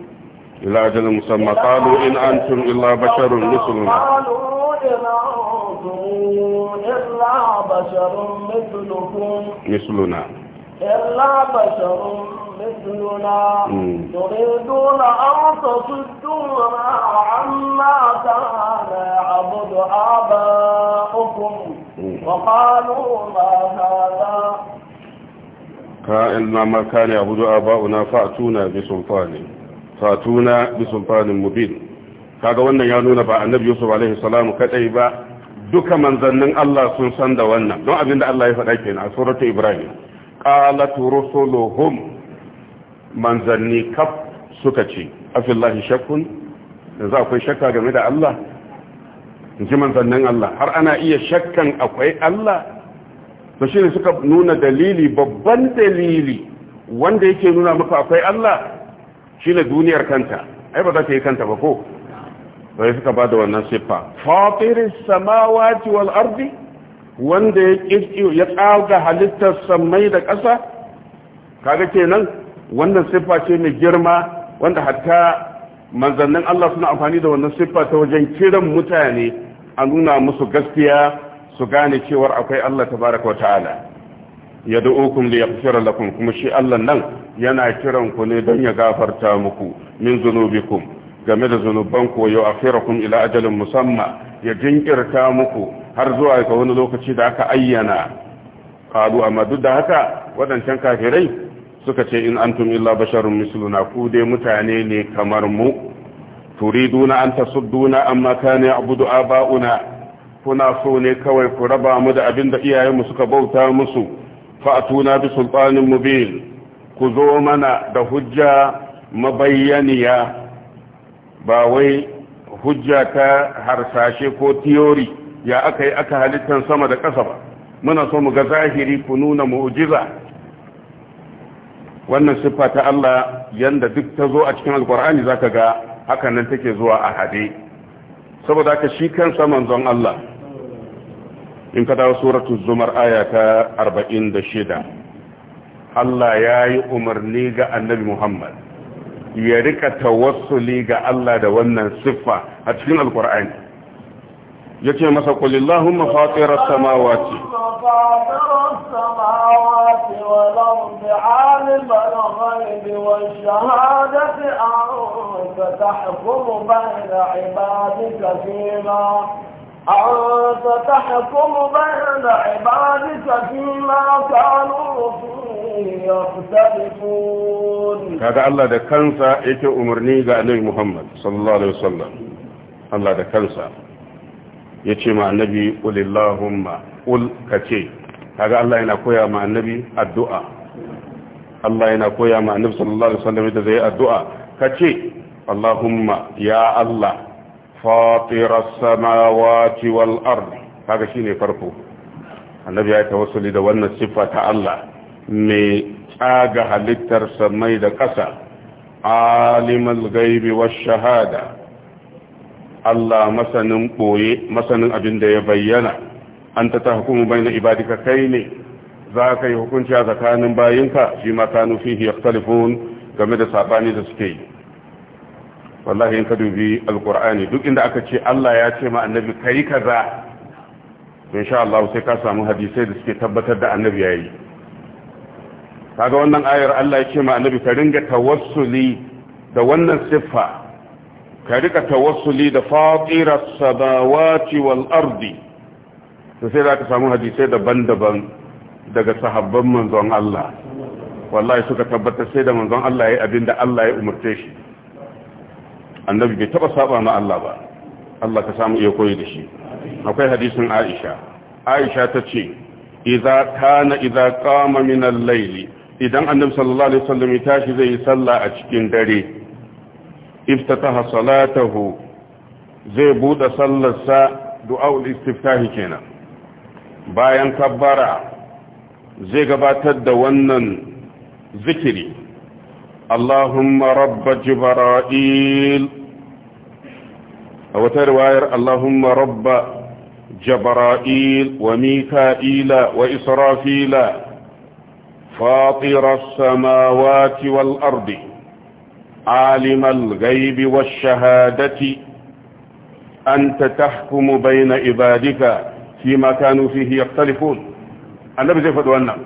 إلى أجل مسمى قالوا إن أنتم إلا بشر مثلنا قالوا إن أنتم إلا بشر مثلكم مثلنا إلا بشر أن تصدونا عما كان يعبد آباؤكم وقالوا ما هذا ما كان يعبد آباؤنا فأتونا بسلطان فأتونا بسلطان مبين kaga wannan ya nuna ba annabi yusuf alaihi salamu kadai ba duka manzannin Allah sun san da wannan don abinda Allah ya faɗa kenan a suratul ibrahim qalat rusuluhum manzanni kaf suka ce afillahi shakkun yanzu akwai shakka game da Allah ji manzannin Allah har ana iya shakkan akwai Allah to shine suka nuna dalili babban dalili wanda yake nuna maka akwai Allah shine duniyar kanta ai ba za ta yi kanta ba ko sai suka bada wannan siffa fatiris samawati wal ardi wanda ya kirki ya tsaga halittar sammai da ƙasa kaga kenan wannan siffa ce mai girma wanda hatta manzannin Allah suna amfani da wannan siffa ta wajen kiran mutane a nuna musu gaskiya su gane cewar akwai Allah tabaraka wa ta'ala ya da'ukum li yaghfira lakum kuma shi Allah nan yana kiran ku ne don ya gafarta muku min zunubikum game da zunubanku wa yu'akhirakum ila ajalin musamma ya jinkirta muku har zuwa ga wani lokaci da aka ayyana kalu amma duk da haka wadancan kafirai suka ce in antum illa basharun misluna ku dai mutane ne kamar mu turiduna an tasudduna amma kana ya'budu aba'una kuna so ne kawai ku raba mu da abin da iyayenmu suka bauta musu fa'atuna bi sultanin mubin ku zo mana da hujja mabayyaniya ba wai hujja ta harsashe ko tiyori ya aka yi aka halittar sama da ƙasa ba muna so mu ga zahiri ku nuna mu'jiza wannan siffa ta Allah yanda duk ta zo a cikin alkur'ani zaka ga hakan nan take zuwa a hade saboda haka shi kansa manzon Allah in ka dawo suratul zumar aya ta 46 Allah ya yi umarni ga annabi Muhammad ya rika tawassuli ga Allah da wannan siffa a cikin alkur'ani yake masa qul allahumma fatir as-samawati أنت تحكم بين عبادك فيما كانوا فيه يختلفون هذا الله ده كنسا يكي أمرني قال محمد صلى الله عليه وسلم الله ده كنسا ya ce ma annabi ulillahumma ul ka ce kaga Allah yana koya ma annabi addu'a Allah yana koya ma annabi sallallahu alaihi wasallam da zai yi addu'a ka ce Allahumma ya Allah fatiras samawati wal ard kaga shi ne farko annabi ya yi tawassuli da wannan siffa ta Allah mai tsaga halittar samai da ƙasa alimul gaibi wash shahada Allah masanin ɓoye masanin abin da ya bayyana an ta ta hukumu bai na ibadika kai ne za ka yi hukunci a tsakanin bayinka shi ma ta nufi hiyar ya game da saɓani da suke yi wallahi in ka dubi alkur'ani duk inda aka ce Allah ya ce ma annabi yi kaza in sha Allah sai ka samu hadisai da suke tabbatar da annabi yayi kaga wannan ayar Allah ya ce ma annabi ka ringa tawassuli da wannan siffa ka rika da fatirar samawati wal ardi to sai za ka samu hadisai daban-daban daga sahabban manzon Allah wallahi suka tabbatar sai da manzon Allah ya yi abin Allah ya umarce shi annabi bai taba saba ma Allah ba Allah ka samu iya koyi akwai hadisin Aisha Aisha ta ce idza kana idza qama min al-layli idan annabi alaihi ya tashi zai yi sallah a cikin dare iftataha salatahu zai bude sallarsa du'aul istiftahi kenan bayan kabbara zai gabatar da wannan zikiri Allahumma rabba jibra'il a wata riwayar Allahumma rabba wa وميكائيل وإسرافيل فاطر السماوات ardi. عالم الغيب والشهادة أنت تحكم بين عبادك فيما كانوا فيه يختلفون النبي زي فدوانا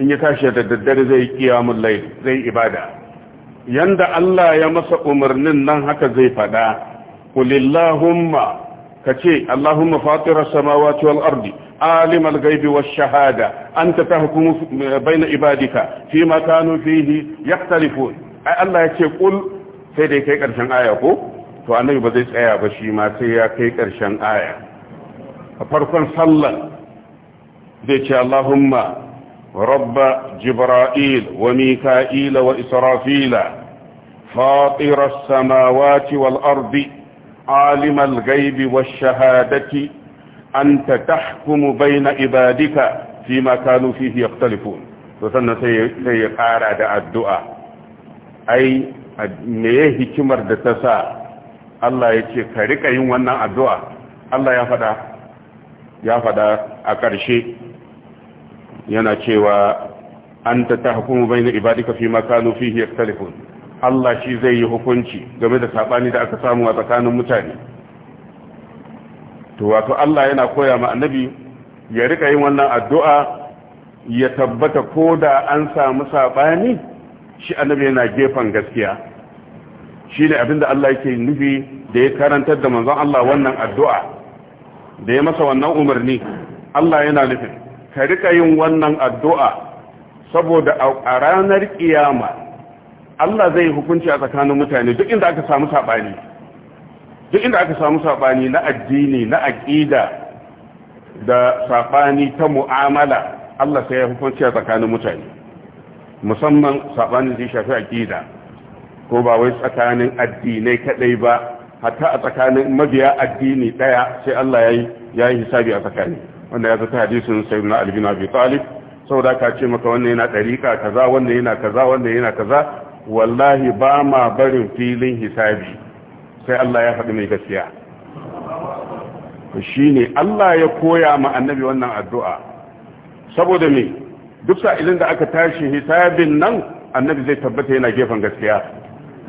إن يتاشي تددر زي قيام الليل زي إبادة يند الله يمس أمرنن هكا زي فدا قل اللهم كتي اللهم فاطر السماوات والأرض عالم الغيب والشهادة أنت تحكم بين عبادك فيما كانوا فيه يختلفون ai Allah ya ce kul sai dai kai karshen aya ko to annabi ba zai tsaya ba shi ma sai ya kai karshen aya a farkon sallar zai ce Allahumma rabba jibra'il wa mika'ila wa israfila فاطر السماوات والأرض عالم الغيب والشهادة أنت تحكم بين عبادك فيما كانوا فيه يختلفون ƙara da addu'a. ai me ya hikimar da ta sa Allah ya ce ka rika yin wannan addu'a Allah ya fada ya fada a ƙarshe yana cewa an ta ta hukumu bai na ibadika fi makanu fi hiyar telefon Allah shi zai yi hukunci game da saɓani da aka samu a tsakanin mutane to wato Allah yana koya ma annabi ya rika yin wannan addu'a ya tabbata ko da an samu saɓani shi annabi yana gefen gaskiya shi ne abinda Allah yake nufi da ya karantar da manzon Allah wannan addu'a da ya masa wannan umarni Allah yana nufin ka rika yin wannan addu'a saboda a ranar kiyama Allah zai hukunci a tsakanin mutane duk inda aka samu saɓani duk inda aka samu saɓani na addini na aƙida da saɓani ta mu'amala Allah sai ya hukunci a tsakanin mutane musamman sabanin da shafi aqida ko ba wai tsakanin addinai kadai ba hatta a tsakanin mabiya addini ɗaya sai Allah yayi yayi hisabi a tsakani wanda ya zata hadisin sayyidina Ali bin Abi Talib saboda ka ce maka wannan yana dariqa kaza wannan yana kaza wannan yana kaza wallahi ba ma barin filin hisabi sai Allah ya faɗi mai gaskiya shi ne Allah ya koya ma annabi wannan addu'a saboda me duk sa'ilin da aka tashi hisabin nan annabi zai tabbata yana gefen gaskiya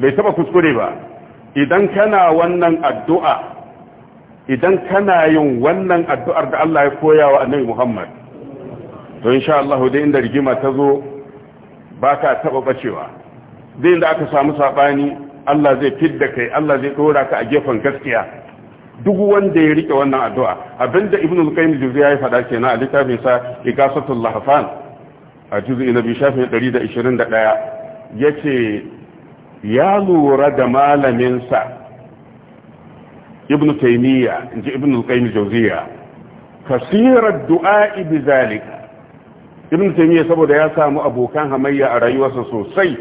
bai taba kuskure ba idan kana wannan addu'a idan kana yin wannan addu'ar da Allah ya koya wa annabi Muhammad to insha Allah dai inda rigima ta zo ba ka taba bacewa dai inda aka samu sabani Allah zai fidda kai Allah zai dora ka a gefen gaskiya duk wanda ya rike wannan addu'a abinda ibnu al-qayyim juziya ya faɗa kenan a littafin sa igasatul lahfan a juzi na biyu shafin 121 ya ce ya lura da malaminsa ibn taimiyya in ji ibn al-qaim jauziya kasirar du'a'i bi zalika ibn taimiyya saboda ya samu abokan hamayya a rayuwarsa sosai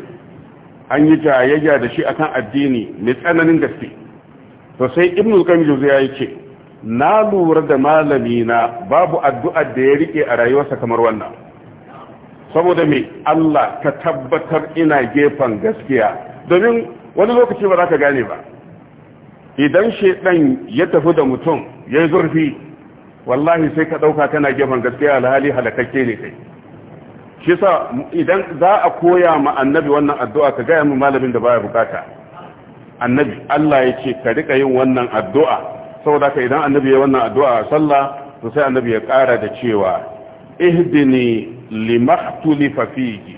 an yi jayayya da shi akan addini mai tsananin gaske to sai ibn al-qaim jauziya ya ce na lura da malamina babu addu'ar da ya rike a rayuwarsa kamar wannan saboda me Allah ka tabbatar ina gefen gaskiya domin wani lokaci ba za ka gane ba idan shedan ya tafi da mutum ya yi zurfi wallahi sai ka ɗauka kana gefen gaskiya alhali halakakke ne kai shi sa idan za a koya ma annabi wannan addu'a ka gaya mu malamin da baya bukata annabi Allah ya ce ka rika yin wannan addu'a saboda ka idan annabi ya wannan addu'a a sallah to sai annabi ya ƙara da cewa ihdini limakhtulifa fihi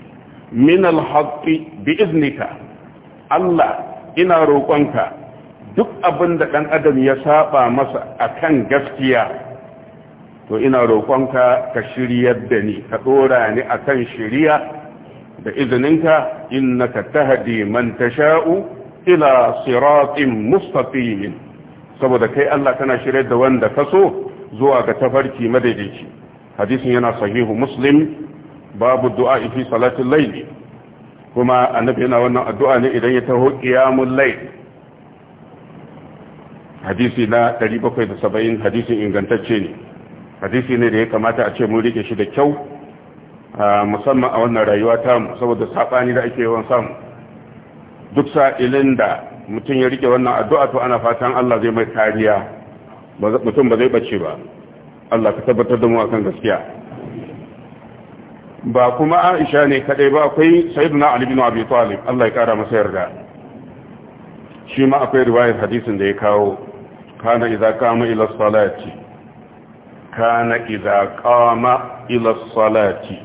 bi alhaqqi biiznika Allah ina rokonka duk abin da ɗan adam ya saba masa akan gaskiya to ina roƙonka ka shiryar da ni ka ɗora ni akan shiriya da izininka ka tahdi man tasha'u ila siratin mustaqim saboda kai Allah kana shiryar da wanda ka so zuwa ga tafarki madaidaici hadisin yana sahihu muslim babu du'a fi salatin layl kuma annabi yana wannan addu'a ne idan ya taho qiyamul layl hadisi na 770 hadisi ingantacce ne hadisi ne da ya kamata a ce mun rike shi da kyau musamman a wannan rayuwa ta mu saboda sabani da ake yawan samu duk sa'ilin da mutum ya rike wannan addu'a to ana fatan Allah zai mai kariya mutum ba zai bace ba Allah ka tabbatar da mu akan gaskiya ba kuma aisha ne kadai ba akwai sayyiduna ali bin abi talib Allah ya kara masa yarda shi ma akwai riwayar hadisin da ya kawo kana idza qama ila salati kana idza qama ila salati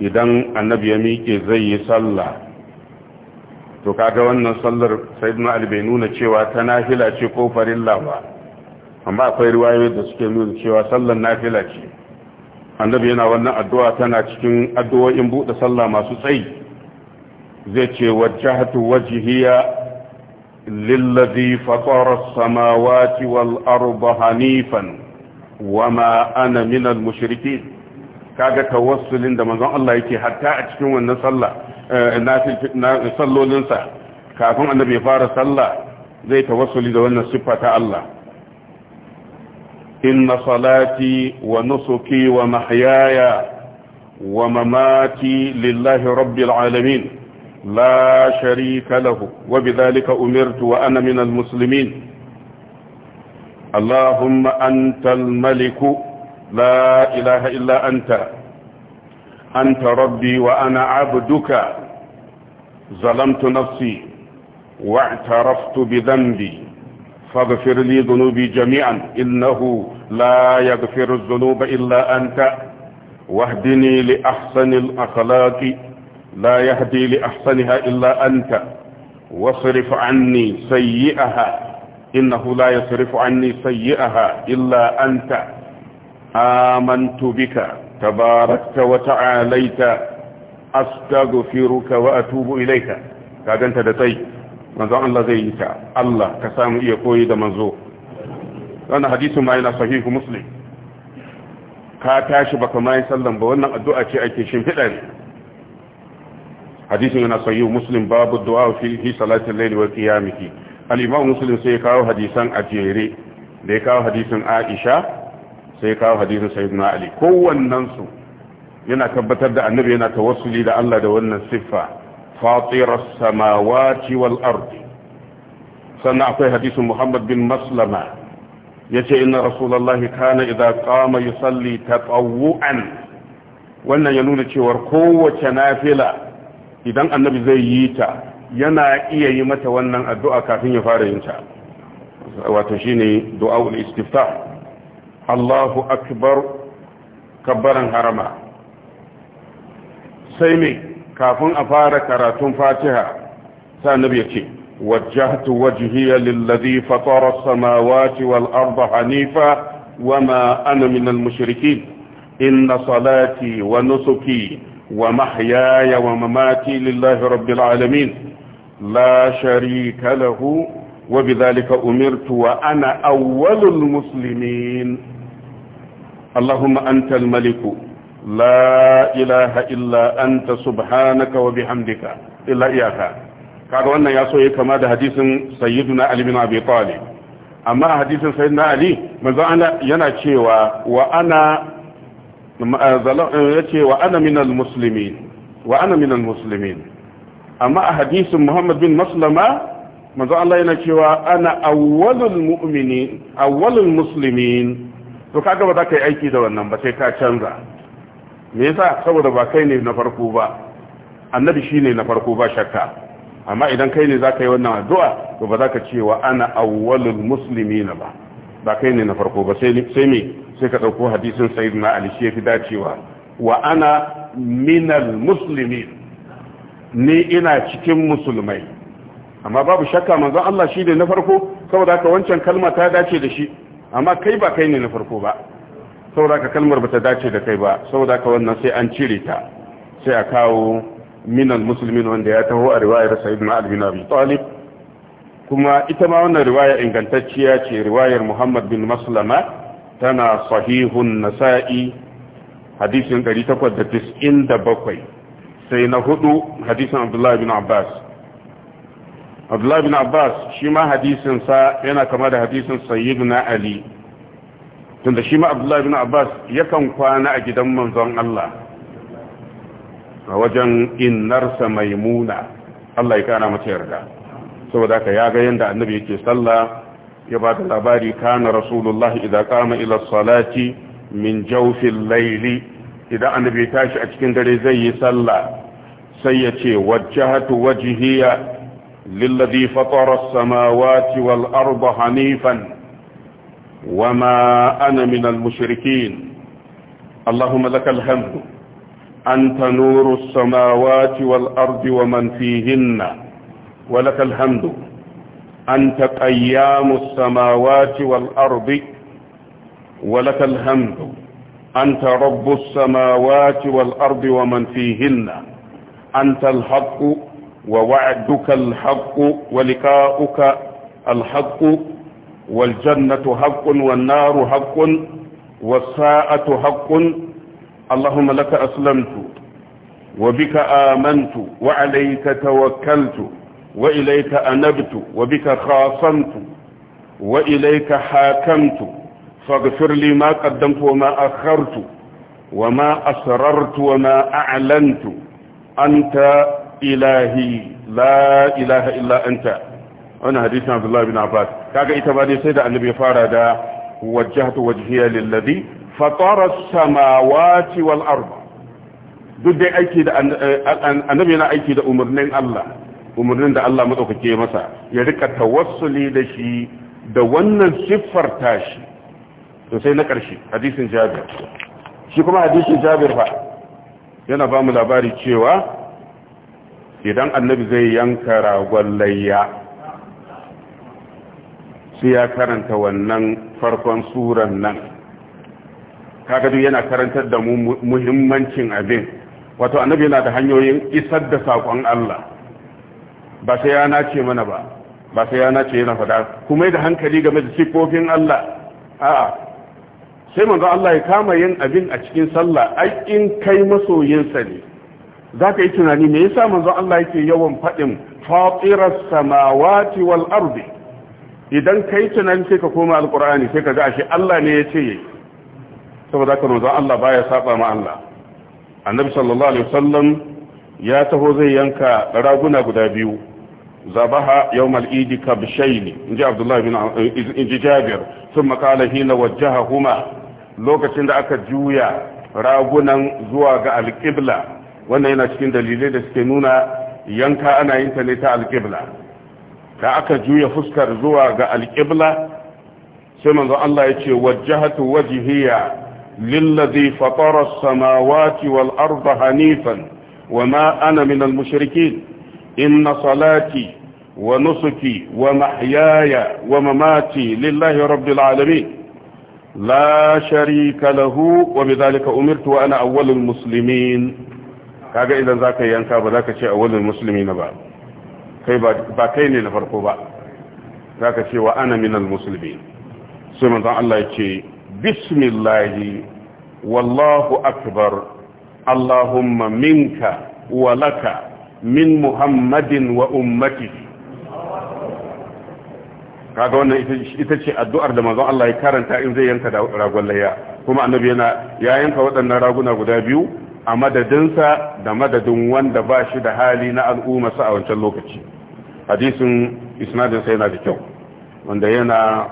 idan annabi ya miƙe zai yi sallah to kaga wannan sallar sayyiduna ali bai nuna cewa ta nafila ce ko farilla ba amma akwai riwayoyi da suke nuna cewa sallar nafila ce annabi yana wannan addu'a tana cikin addu'o'in buɗe sallah masu tsayi zai ce wajjahatu wajhiya lillazi fatara samawati wal hanifan wama ana minal mushrikin kaga tawassulin da manzon Allah yake hatta a cikin wannan sallah eh, na sallolinsa kafin annabi ya fara sallah zai tawassuli da wannan siffa ta Allah إن صلاتي ونسكي ومحياي ومماتي لله رب العالمين لا شريك له وبذلك أمرت وأنا من المسلمين اللهم أنت الملك لا إله إلا أنت أنت ربي وأنا عبدك ظلمت نفسي واعترفت بذنبي فاغفر لي ذنوبي جميعا إنه لا يغفر الذنوب إلا أنت واهدني لأحسن الأخلاق لا يهدي لأحسنها إلا أنت واصرف عني سيئها إنه لا يصرف عني سيئها إلا أنت آمنت بك تباركت وتعاليت أستغفرك وأتوب إليك كاد أنت manzon Allah zai yi ta Allah ka samu iya koyi da manzo wannan hadisin ma yana sahihu muslim ka tashi baka ma yi sallan ba wannan addu'a ce ake shimfiɗa ne hadisin yana sahihu muslim babu du'a fi fi salatin layli wa qiyamihi al-imam muslim sai kawo hadisan a jere da ya kawo hadisin Aisha sai kawo hadisin sayyidina Ali kowannen su yana tabbatar da annabi yana tawassuli da Allah da wannan siffa فاطر السماوات والأرض سنة أعطي حديث محمد بن مسلمة يتي إن رسول الله كان إذا قام يصلي تطوعا wannan ya nuna cewa kowace nafila idan annabi zai yi ta yana iya yi mata wannan addu'a kafin ya fara yin ta wato shine Allahu akbar kabbaran harama sai me kafin a fara karatun fatiha sa nabi ya ce wajjahtu wajhiya lillazi fatara samawati wal arda hanifa wama ana minal mushrikin inna salati wa nusuki wa mahyaya wa mamati lillahi rabbil alamin la sharika lahu wa bidhalika umirtu wa ana awwalul muslimin allahumma antal maliku la ilaha illa anta subhanaka wa bihamdika illa iyaka kaga wannan ya so yayi kama da hadisin sayyiduna ali bin abi talib amma hadisin sayyiduna ali manzo ana yana cewa wa ana yace wa ana minal muslimin wa ana minal muslimin amma a hadisin muhammad bin maslama manzo Allah yana cewa ana awwalul mu'minin awwalul muslimin to kaga ba za ka yi aiki da wannan ba sai ka canza me yasa saboda ba kai ne na farko ba annabi shine na farko ba shakka amma idan kai ne zaka yi wannan addu'a to ba zaka ce wa ana awwalul muslimina ba ba kai ne na farko ba sai me sai ka dauko hadisin sayyidina ali shi yafi dacewa wa ana minal muslimin ni ina cikin musulmai amma babu shakka manzon Allah shine na farko saboda haka wancan kalma ta dace da shi amma kai ba kai ne na farko ba saboda ka kalmar bata dace da kai ba saboda ka wannan sai an cire ta sai a kawo minan musulmin wanda ya taho a riwayar sa'id na albin talib kuma ita ma wannan riwaya ingantacciya ce riwayar muhammad bin maslama tana sahihun nasa'i hadisin 897 sai na hudu hadisin abdullahi bin abbas abdullahi bin abbas shi ma hadisinsa yana kama da hadisin na ali tunda shi ma abdullahi bin abbas yakan kwana a gidan manzon Allah a wajen innarsa maimuna Allah ya kana mata yarda saboda ka ya ga yanda annabi yake sallah ya ba da labari kana rasulullahi idza qama ila salati min jawfil layli idan annabi ya tashi a cikin dare zai yi sallah sai ya ce wajjahatu wajhiya lilladhi fatara as-samawati wal arda hanifan وما أنا من المشركين اللهم لك الحمد أنت نور السماوات والأرض ومن فيهن ولك الحمد أنت قيام السماوات والأرض ولك الحمد أنت رب السماوات والأرض ومن فيهن أنت الحق ووعدك الحق ولقاؤك الحق والجنة حق والنار حق والساعة حق اللهم لك أسلمت وبك آمنت وعليك توكلت وإليك أنبت وبك خاصمت وإليك حاكمت فاغفر لي ما قدمت وما أخرت وما أسررت وما أعلنت أنت إلهي لا إله إلا أنت أنا حديث عبد الله بن عباس kaga ita ba dai sai da annabi ya fara da wajjahtu wajhiya lillazi fatara samawati wal arda duk dai aiki da annabi yana aiki da umarnin Allah umarnin da Allah madaukake masa ya rika tawassuli da shi da wannan siffar tashi to sai na ƙarshe hadisin Jabir shi kuma hadisin Jabir fa yana ba mu labari cewa idan annabi zai yanka ragon layya sai ya karanta wannan farkon suran nan kaga duk yana karantar da mu muhimmancin abin wato annabi yana da hanyoyin isar da sakon Allah ba sai ya nace mana ba ba sai ya nace yana fada kuma da hankali game da sifofin Allah a'a sai manzo Allah ya kama yin abin a cikin sallah ai in kai masoyinsa ne zaka yi tunani me yasa manzo Allah yake yawan fadin fatiras samawati wal ardi idan kai tunani sai ka koma alkur'ani sai ka ga ashe Allah ne ya ce yayi saboda haka manzon Allah baya saba ma Allah annabi sallallahu alaihi wasallam ya taho zai yanka raguna guda biyu zabaha yawmal eid kabshayn inji abdullah bin inji jabir thumma qala hina wajjahahuma lokacin da aka juya ragunan zuwa ga alkibla wannan yana cikin dalilai da suke nuna yanka ana yin ta ne ta alkibla. da aka juya fuskar zuwa ga alƙibla sai manzo Allah ya ce wajjahatu wajhiya lillazi fatara as-samawati wal arda hanifan wama ana min al inna salati wa nusuki wa mahyaya wa mamati lillahi rabbil alamin la sharika lahu wa bidhalika umirtu wa ana awwalul muslimin kaga idan zaka yanka ba zaka ce awwalul muslimin ba kai ba kai ne na farko ba za ka ce wa ana minal musulmi sai manzan Allah ya ce bismillahi wallahu akbar allahumma minka wa laka min muhammadin wa ummati kaga wannan ita ce addu'ar da manzon Allah ya karanta in zai yanka da ragon kuma annabi yana ya yanka waɗannan raguna guda biyu a madadinsa da madadin wanda ba shi da hali na al'ummarsa a wancan lokaci hadisin isnadinsa yana da kyau wanda yana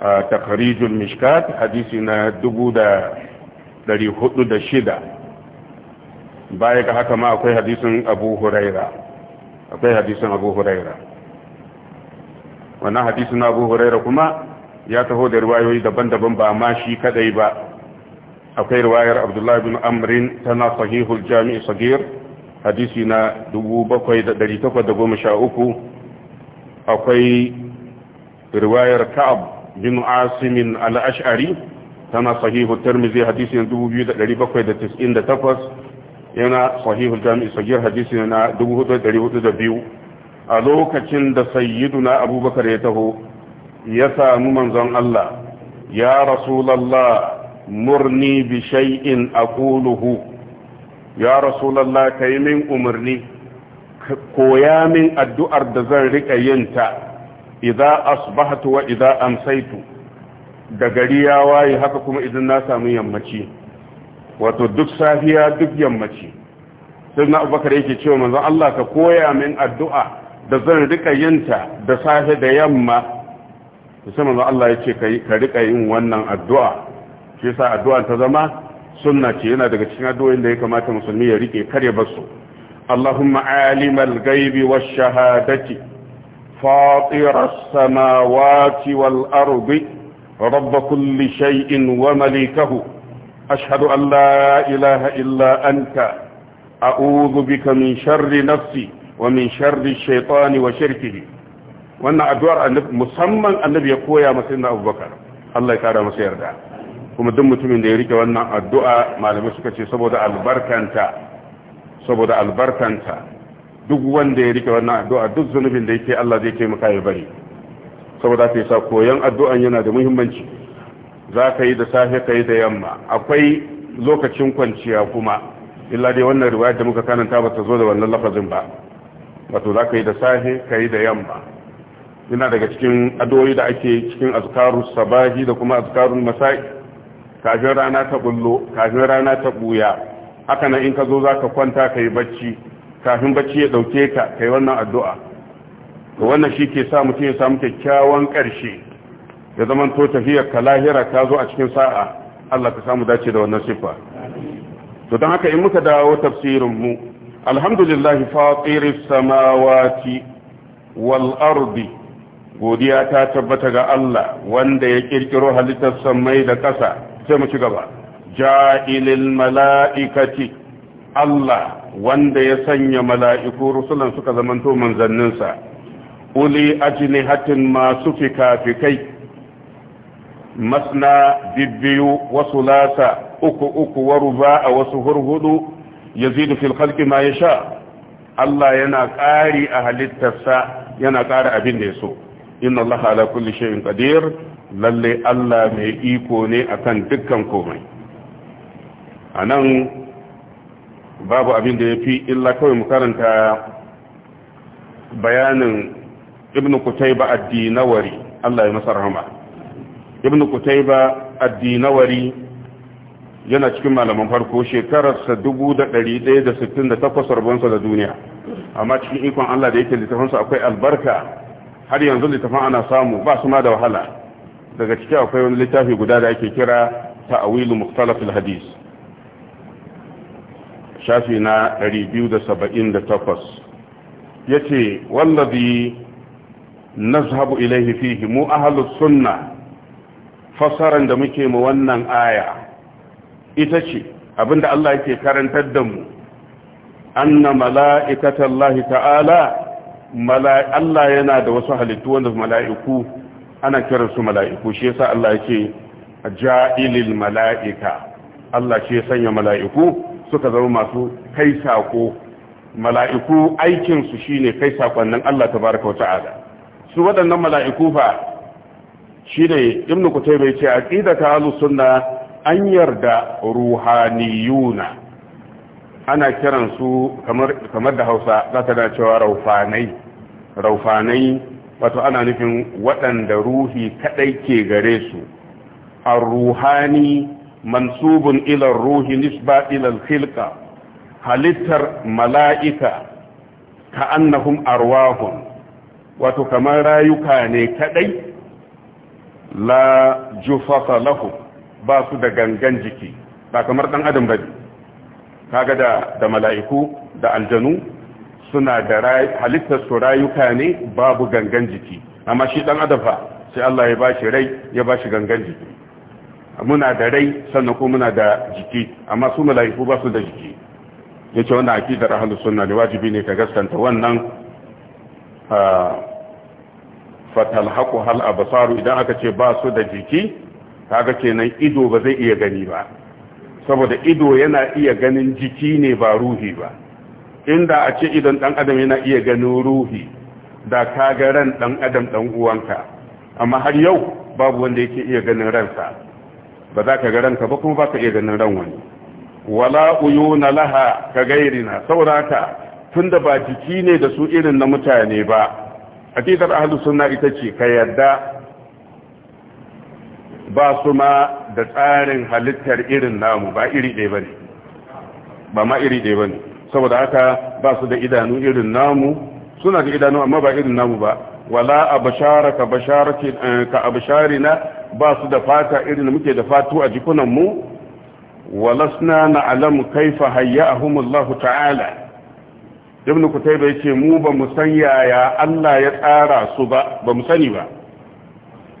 a takarijin mishkat hadisi na shida baya ga haka ma akwai hadisin abu huraira akwai hadisin abu huraira wannan hadisin abu huraira kuma ya taho da ruwayoyi daban-daban ba ma shi kadai ba akwai riwayar abdullahi bin amrin tana sahihul jami'i sagir hadisi na 7813 akwai riwayar ka'ab bin asimin al'ash'ari tana sahihul tarmizi hadisi na 2798 yana sahihul jami'i sagir hadisi na 4402 a lokacin da sayyiduna abubakar ya taho ya samu manzon Allah ya rasulallah murni bi shay'in aquluhu ya rasulullah kai min umarni koya min addu'ar da zan rika yin ta idza asbahtu wa idza amsaytu da gari ya waye haka kuma idan na samu yammaci wato duk safiya duk yammaci sai na abubakar yake cewa manzon Allah ka koya min addu'a da zan rika yin da safe da yamma sai manzon Allah ya ce ka rika yin wannan addu'a shi yasa addu'a ta zama sunna ce yana daga cikin addu'o'in da ya kamata musulmi ya rike kar ya basu Allahumma alimal ghaibi wash shahadati فاطر السماوات والأرض رب كل شيء ومليكه أشهد أن لا إله إلا أنت أعوذ بك من شر نفسي ومن شر الشيطان وشركه وأن أدوار مسمى النبي يقول يا مسيدنا أبو بكر الله يكرم سيرنا kuma duk mutumin da ya rike wannan addu'a malamai suka ce saboda albarkanta saboda albarkanta duk wanda ya rike wannan addu'a duk zunubin da yake Allah zai taimaka ya bari saboda ta yasa koyon addu'an yana da muhimmanci za ka yi da safe ka yi da yamma akwai lokacin kwanciya kuma illa dai wannan riwayar da muka kananta ba ta zo da wannan lafazin ba wato za ka yi da safe ka yi da yamma yana daga cikin addu'o'i da ake cikin azkarus sabahi da kuma azkarul masa'i kafin rana ta bullo kafin rana ta buya haka nan in ka zo za ka kwanta ka yi bacci kafin bacci ya ɗauke ka ka yi wannan addu'a to wannan shi ke sa mutum ya samu kyakkyawan ƙarshe ya zama to tafiyar ka lahira ka zo a cikin sa'a Allah ka samu dace da wannan siffa to don haka in muka dawo tafsirin mu alhamdulillah fatiris samawati wal ardi godiya ta tabbata ga Allah wanda ya kirkiro halittar samai da ƙasa sai mu ci gaba ja'ilil mala'ikati Allah wanda ya sanya mala'iku rusulan suka zamanto manzanninsa uli ajnihatin masu fikafikai masna bibbiyu wasu lasa uku uku wa a wasu hurhudu yazidu fil khalqi ma yasha Allah yana ƙari a halittarsa yana ƙara abin da ya so inna Allah ala kulli shay'in qadir lalle Allah mai iko ne akan dukkan komai a nan babu abin da ya fi illa kawai mu karanta bayanin ibn kutaiba addinawari Allah ya masa rahama ibn kutaiba addinawari yana cikin malaman farko shekararsa 1168 rabonsa da duniya amma cikin ikon Allah da yake littafansa akwai albarka har yanzu littafan ana samu ba su ma da wahala daga ciki akwai wani littafi guda da ake kira ta'awilu mukhtalafil hadis shafi na 278 yace wallazi nazhabu ilaihi fihi mu ahlus sunna fasaran da muke mu wannan aya ita ce abinda Allah yake karantar da mu anna mala'ikatallahi ta'ala Allah yana da wasu halittu wanda mala'iku ana kiransu mala'iku shi yasa Allah ya ce ja'ilil mala'ika Allah shi ya sanya mala'iku suka zama masu kai sako mala'iku aikinsu shi ne kai sakonnin Allah ta baraka wata ada su waɗannan mala'iku fa shi ne imnu ku taibai ce a ƙida ta suna an yarda ruhaniyuna ana kiransu kamar da hausa za ta dacewa raufanai raufanai wato ana nufin waɗanda ruhi kadai ke gare su ar-ruhani mansubun ilar ruhi nisba ilar hilka, halittar mala'ika ka annahun arwahun wato kamar rayuka ne kadai la jufasa lahum ba su da gangan jiki ba kamar ɗan adam bane kaga da mala'iku da aljanu suna da halittar su rayuka ne babu gangan jiki amma shi dan adafa sai Allah ya bashi rai ya bashi gangan jiki muna da rai sannan ko muna da jiki amma su mala'iku ba su da jiki yace wannan akidar ahlus sunna ne wajibi ne ka gaskanta wannan fatalhaku hal absaru idan aka ce ba su da jiki kaga kenan ido ba zai iya gani ba saboda ido yana iya ganin jiki ne ba ruhi ba inda a ce idan ɗan adam yana iya ganin ruhi da ka ga ran ɗan adam ɗan uwanka amma har yau babu wanda yake iya ganin ransa ba za ka ga ranka ba kuma ba ka iya ganin ran wani wala uyuna laha ka gairina saurata tunda ba jiki ne da su irin na mutane ba aqidar ahlus suna ita ce ka yadda ba su ma da tsarin halittar irin namu ba iri ɗaya ba ma saboda haka ba su da idanu irin namu suna da idanu amma ba irin namu ba wala abashara eh, ka basharati ba su da fata irin muke da fatu a jikunan mu na alamu kaifa hayya'ahum Allah ta'ala ibn kutayba yace mu ba mu san yaya Allah ya tsara su ba ba mu sani ba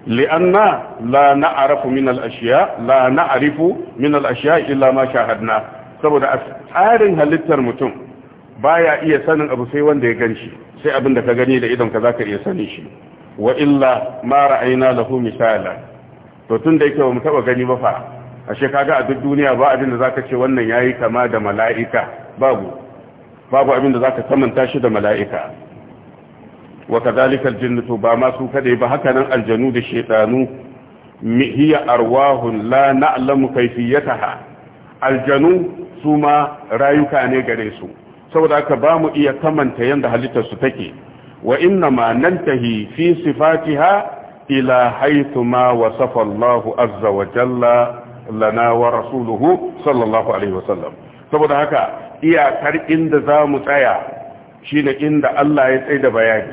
li'anna la na'rafu min min al illa ma shahadna saboda a tsarin halittar mutum baya iya sanin abu sai wanda ya shi sai abin da ka gani da idan ka zaka iya sani shi wa illa ma ra'ayna lahu misala to tun da yake ba mu taba gani ba fa ashe kaga a duk duniya ba abin da zaka ce wannan yayi kama da mala'ika babu babu abin da zaka kamanta shi da mala'ika wa kadhalika to ba ma su kadai ba haka nan aljanu da shaytanu hiya arwahun la na'lamu kayfiyataha aljanu su ma rayuka ne gare su saboda haka ba mu iya kamanta yadda halittarsu take wa inna ma nantahi fi sifatiha ila haythu ma wasafa Allah azza wa jalla lana wa rasuluhu sallallahu alaihi wasallam saboda haka iyakar inda za mu tsaya shine inda Allah ya tsaye da bayani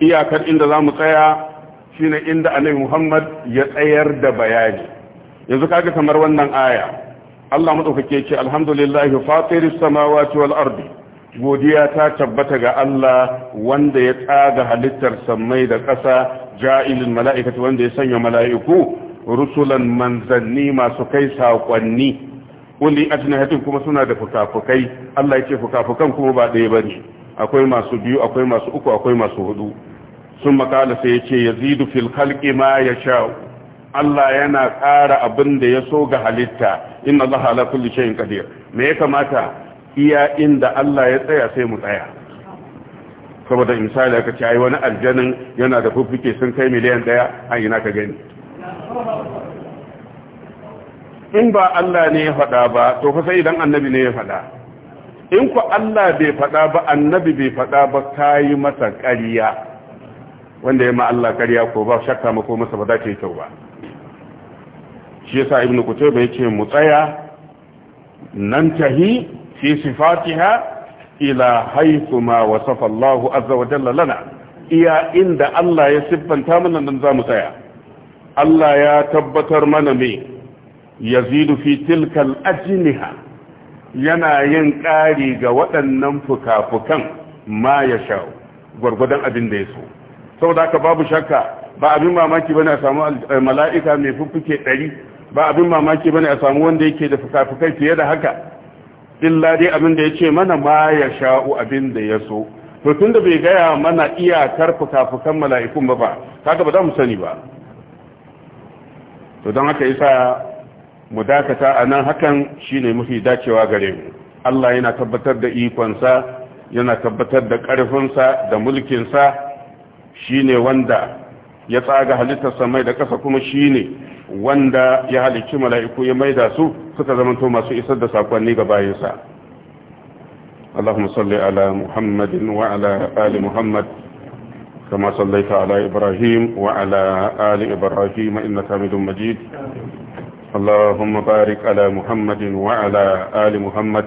iyakar inda za mu tsaya shine inda annabi Muhammad ya tsayar da bayani yanzu kaga kamar wannan aya Allah madaukake ce alhamdulillahi fatiris samawati wal ardi godiya ta tabbata ga Allah wanda ya tsaga halittar samai da ƙasa ja'ilin mala'ikati wanda ya sanya mala'iku rusulan manzanni masu kai saƙonni uli ajnahatin kuma suna da fukafukai Allah ya ce fukafukan kuma ba daya bane akwai masu biyu akwai masu uku akwai masu hudu sun makala sai ya yazidu fil khalqi ma yasha'u Allah yana ƙara abin da ya so ga halitta inna Allah ala kulli shay'in qadir me ya kamata iya inda Allah ya tsaya sai mu tsaya saboda misali aka ce ai wani aljanin yana da fuffuke sun kai miliyan daya an ina ka gani in ba Allah ne ya faɗa ba to fa sai idan annabi ne ya faɗa in ku Allah bai faɗa ba annabi bai faɗa ba kayi masa ƙarya wanda ya ma Allah ƙarya ko ba shakka mako masa ba za ta yi kyau ba shi yasa ibn kutayba ce mu tsaya nan tahi fi sifatiha ila haythu ma wasafa Allahu azza wa jalla lana iya inda Allah ya siffanta mana nan zamu tsaya Allah ya tabbatar mana me yazidu fi tilkal ajniha yana yin ƙari ga waɗannan fuka-fukan ma ya shawo, gwargwadon abin da ya so saboda haka babu shakka ba abin mamaki bane a samu eh, mala'ika mai fuffuke ɗari ba abin mamaki bane a samu wanda yake da fukafukai fiye da haka illa dai abin da yace mana ma ya sha'u abin da ya so to da bai gaya mana iyakar fukafukan mala'ikun ba ba kaga ba za mu sani ba to don haka yasa mu dakata a nan hakan shine mafi dacewa gare mu Allah yana tabbatar da ikon sa yana tabbatar da karfin sa da mulkinsa shine wanda ya tsaga halittar samai da kasa kuma shine wanda ya halicci mala’iku ya maida su suka zamanto masu isar da sakonni ga bayansa. Allahumma salli ala Muhammadin wa majid. Allahumma barik ala Muhammadin Ali Muhammad.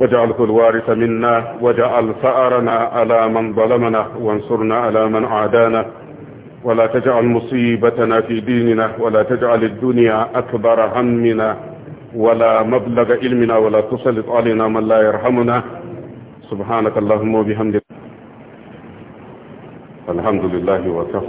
واجعله الوارث منا واجعل ثأرنا على من ظلمنا وانصرنا على من عادانا ولا تجعل مصيبتنا في ديننا ولا تجعل الدنيا أكبر همنا ولا مبلغ علمنا ولا تسلط علينا من لا يرحمنا سبحانك اللهم وبحمدك الحمد لله وكفى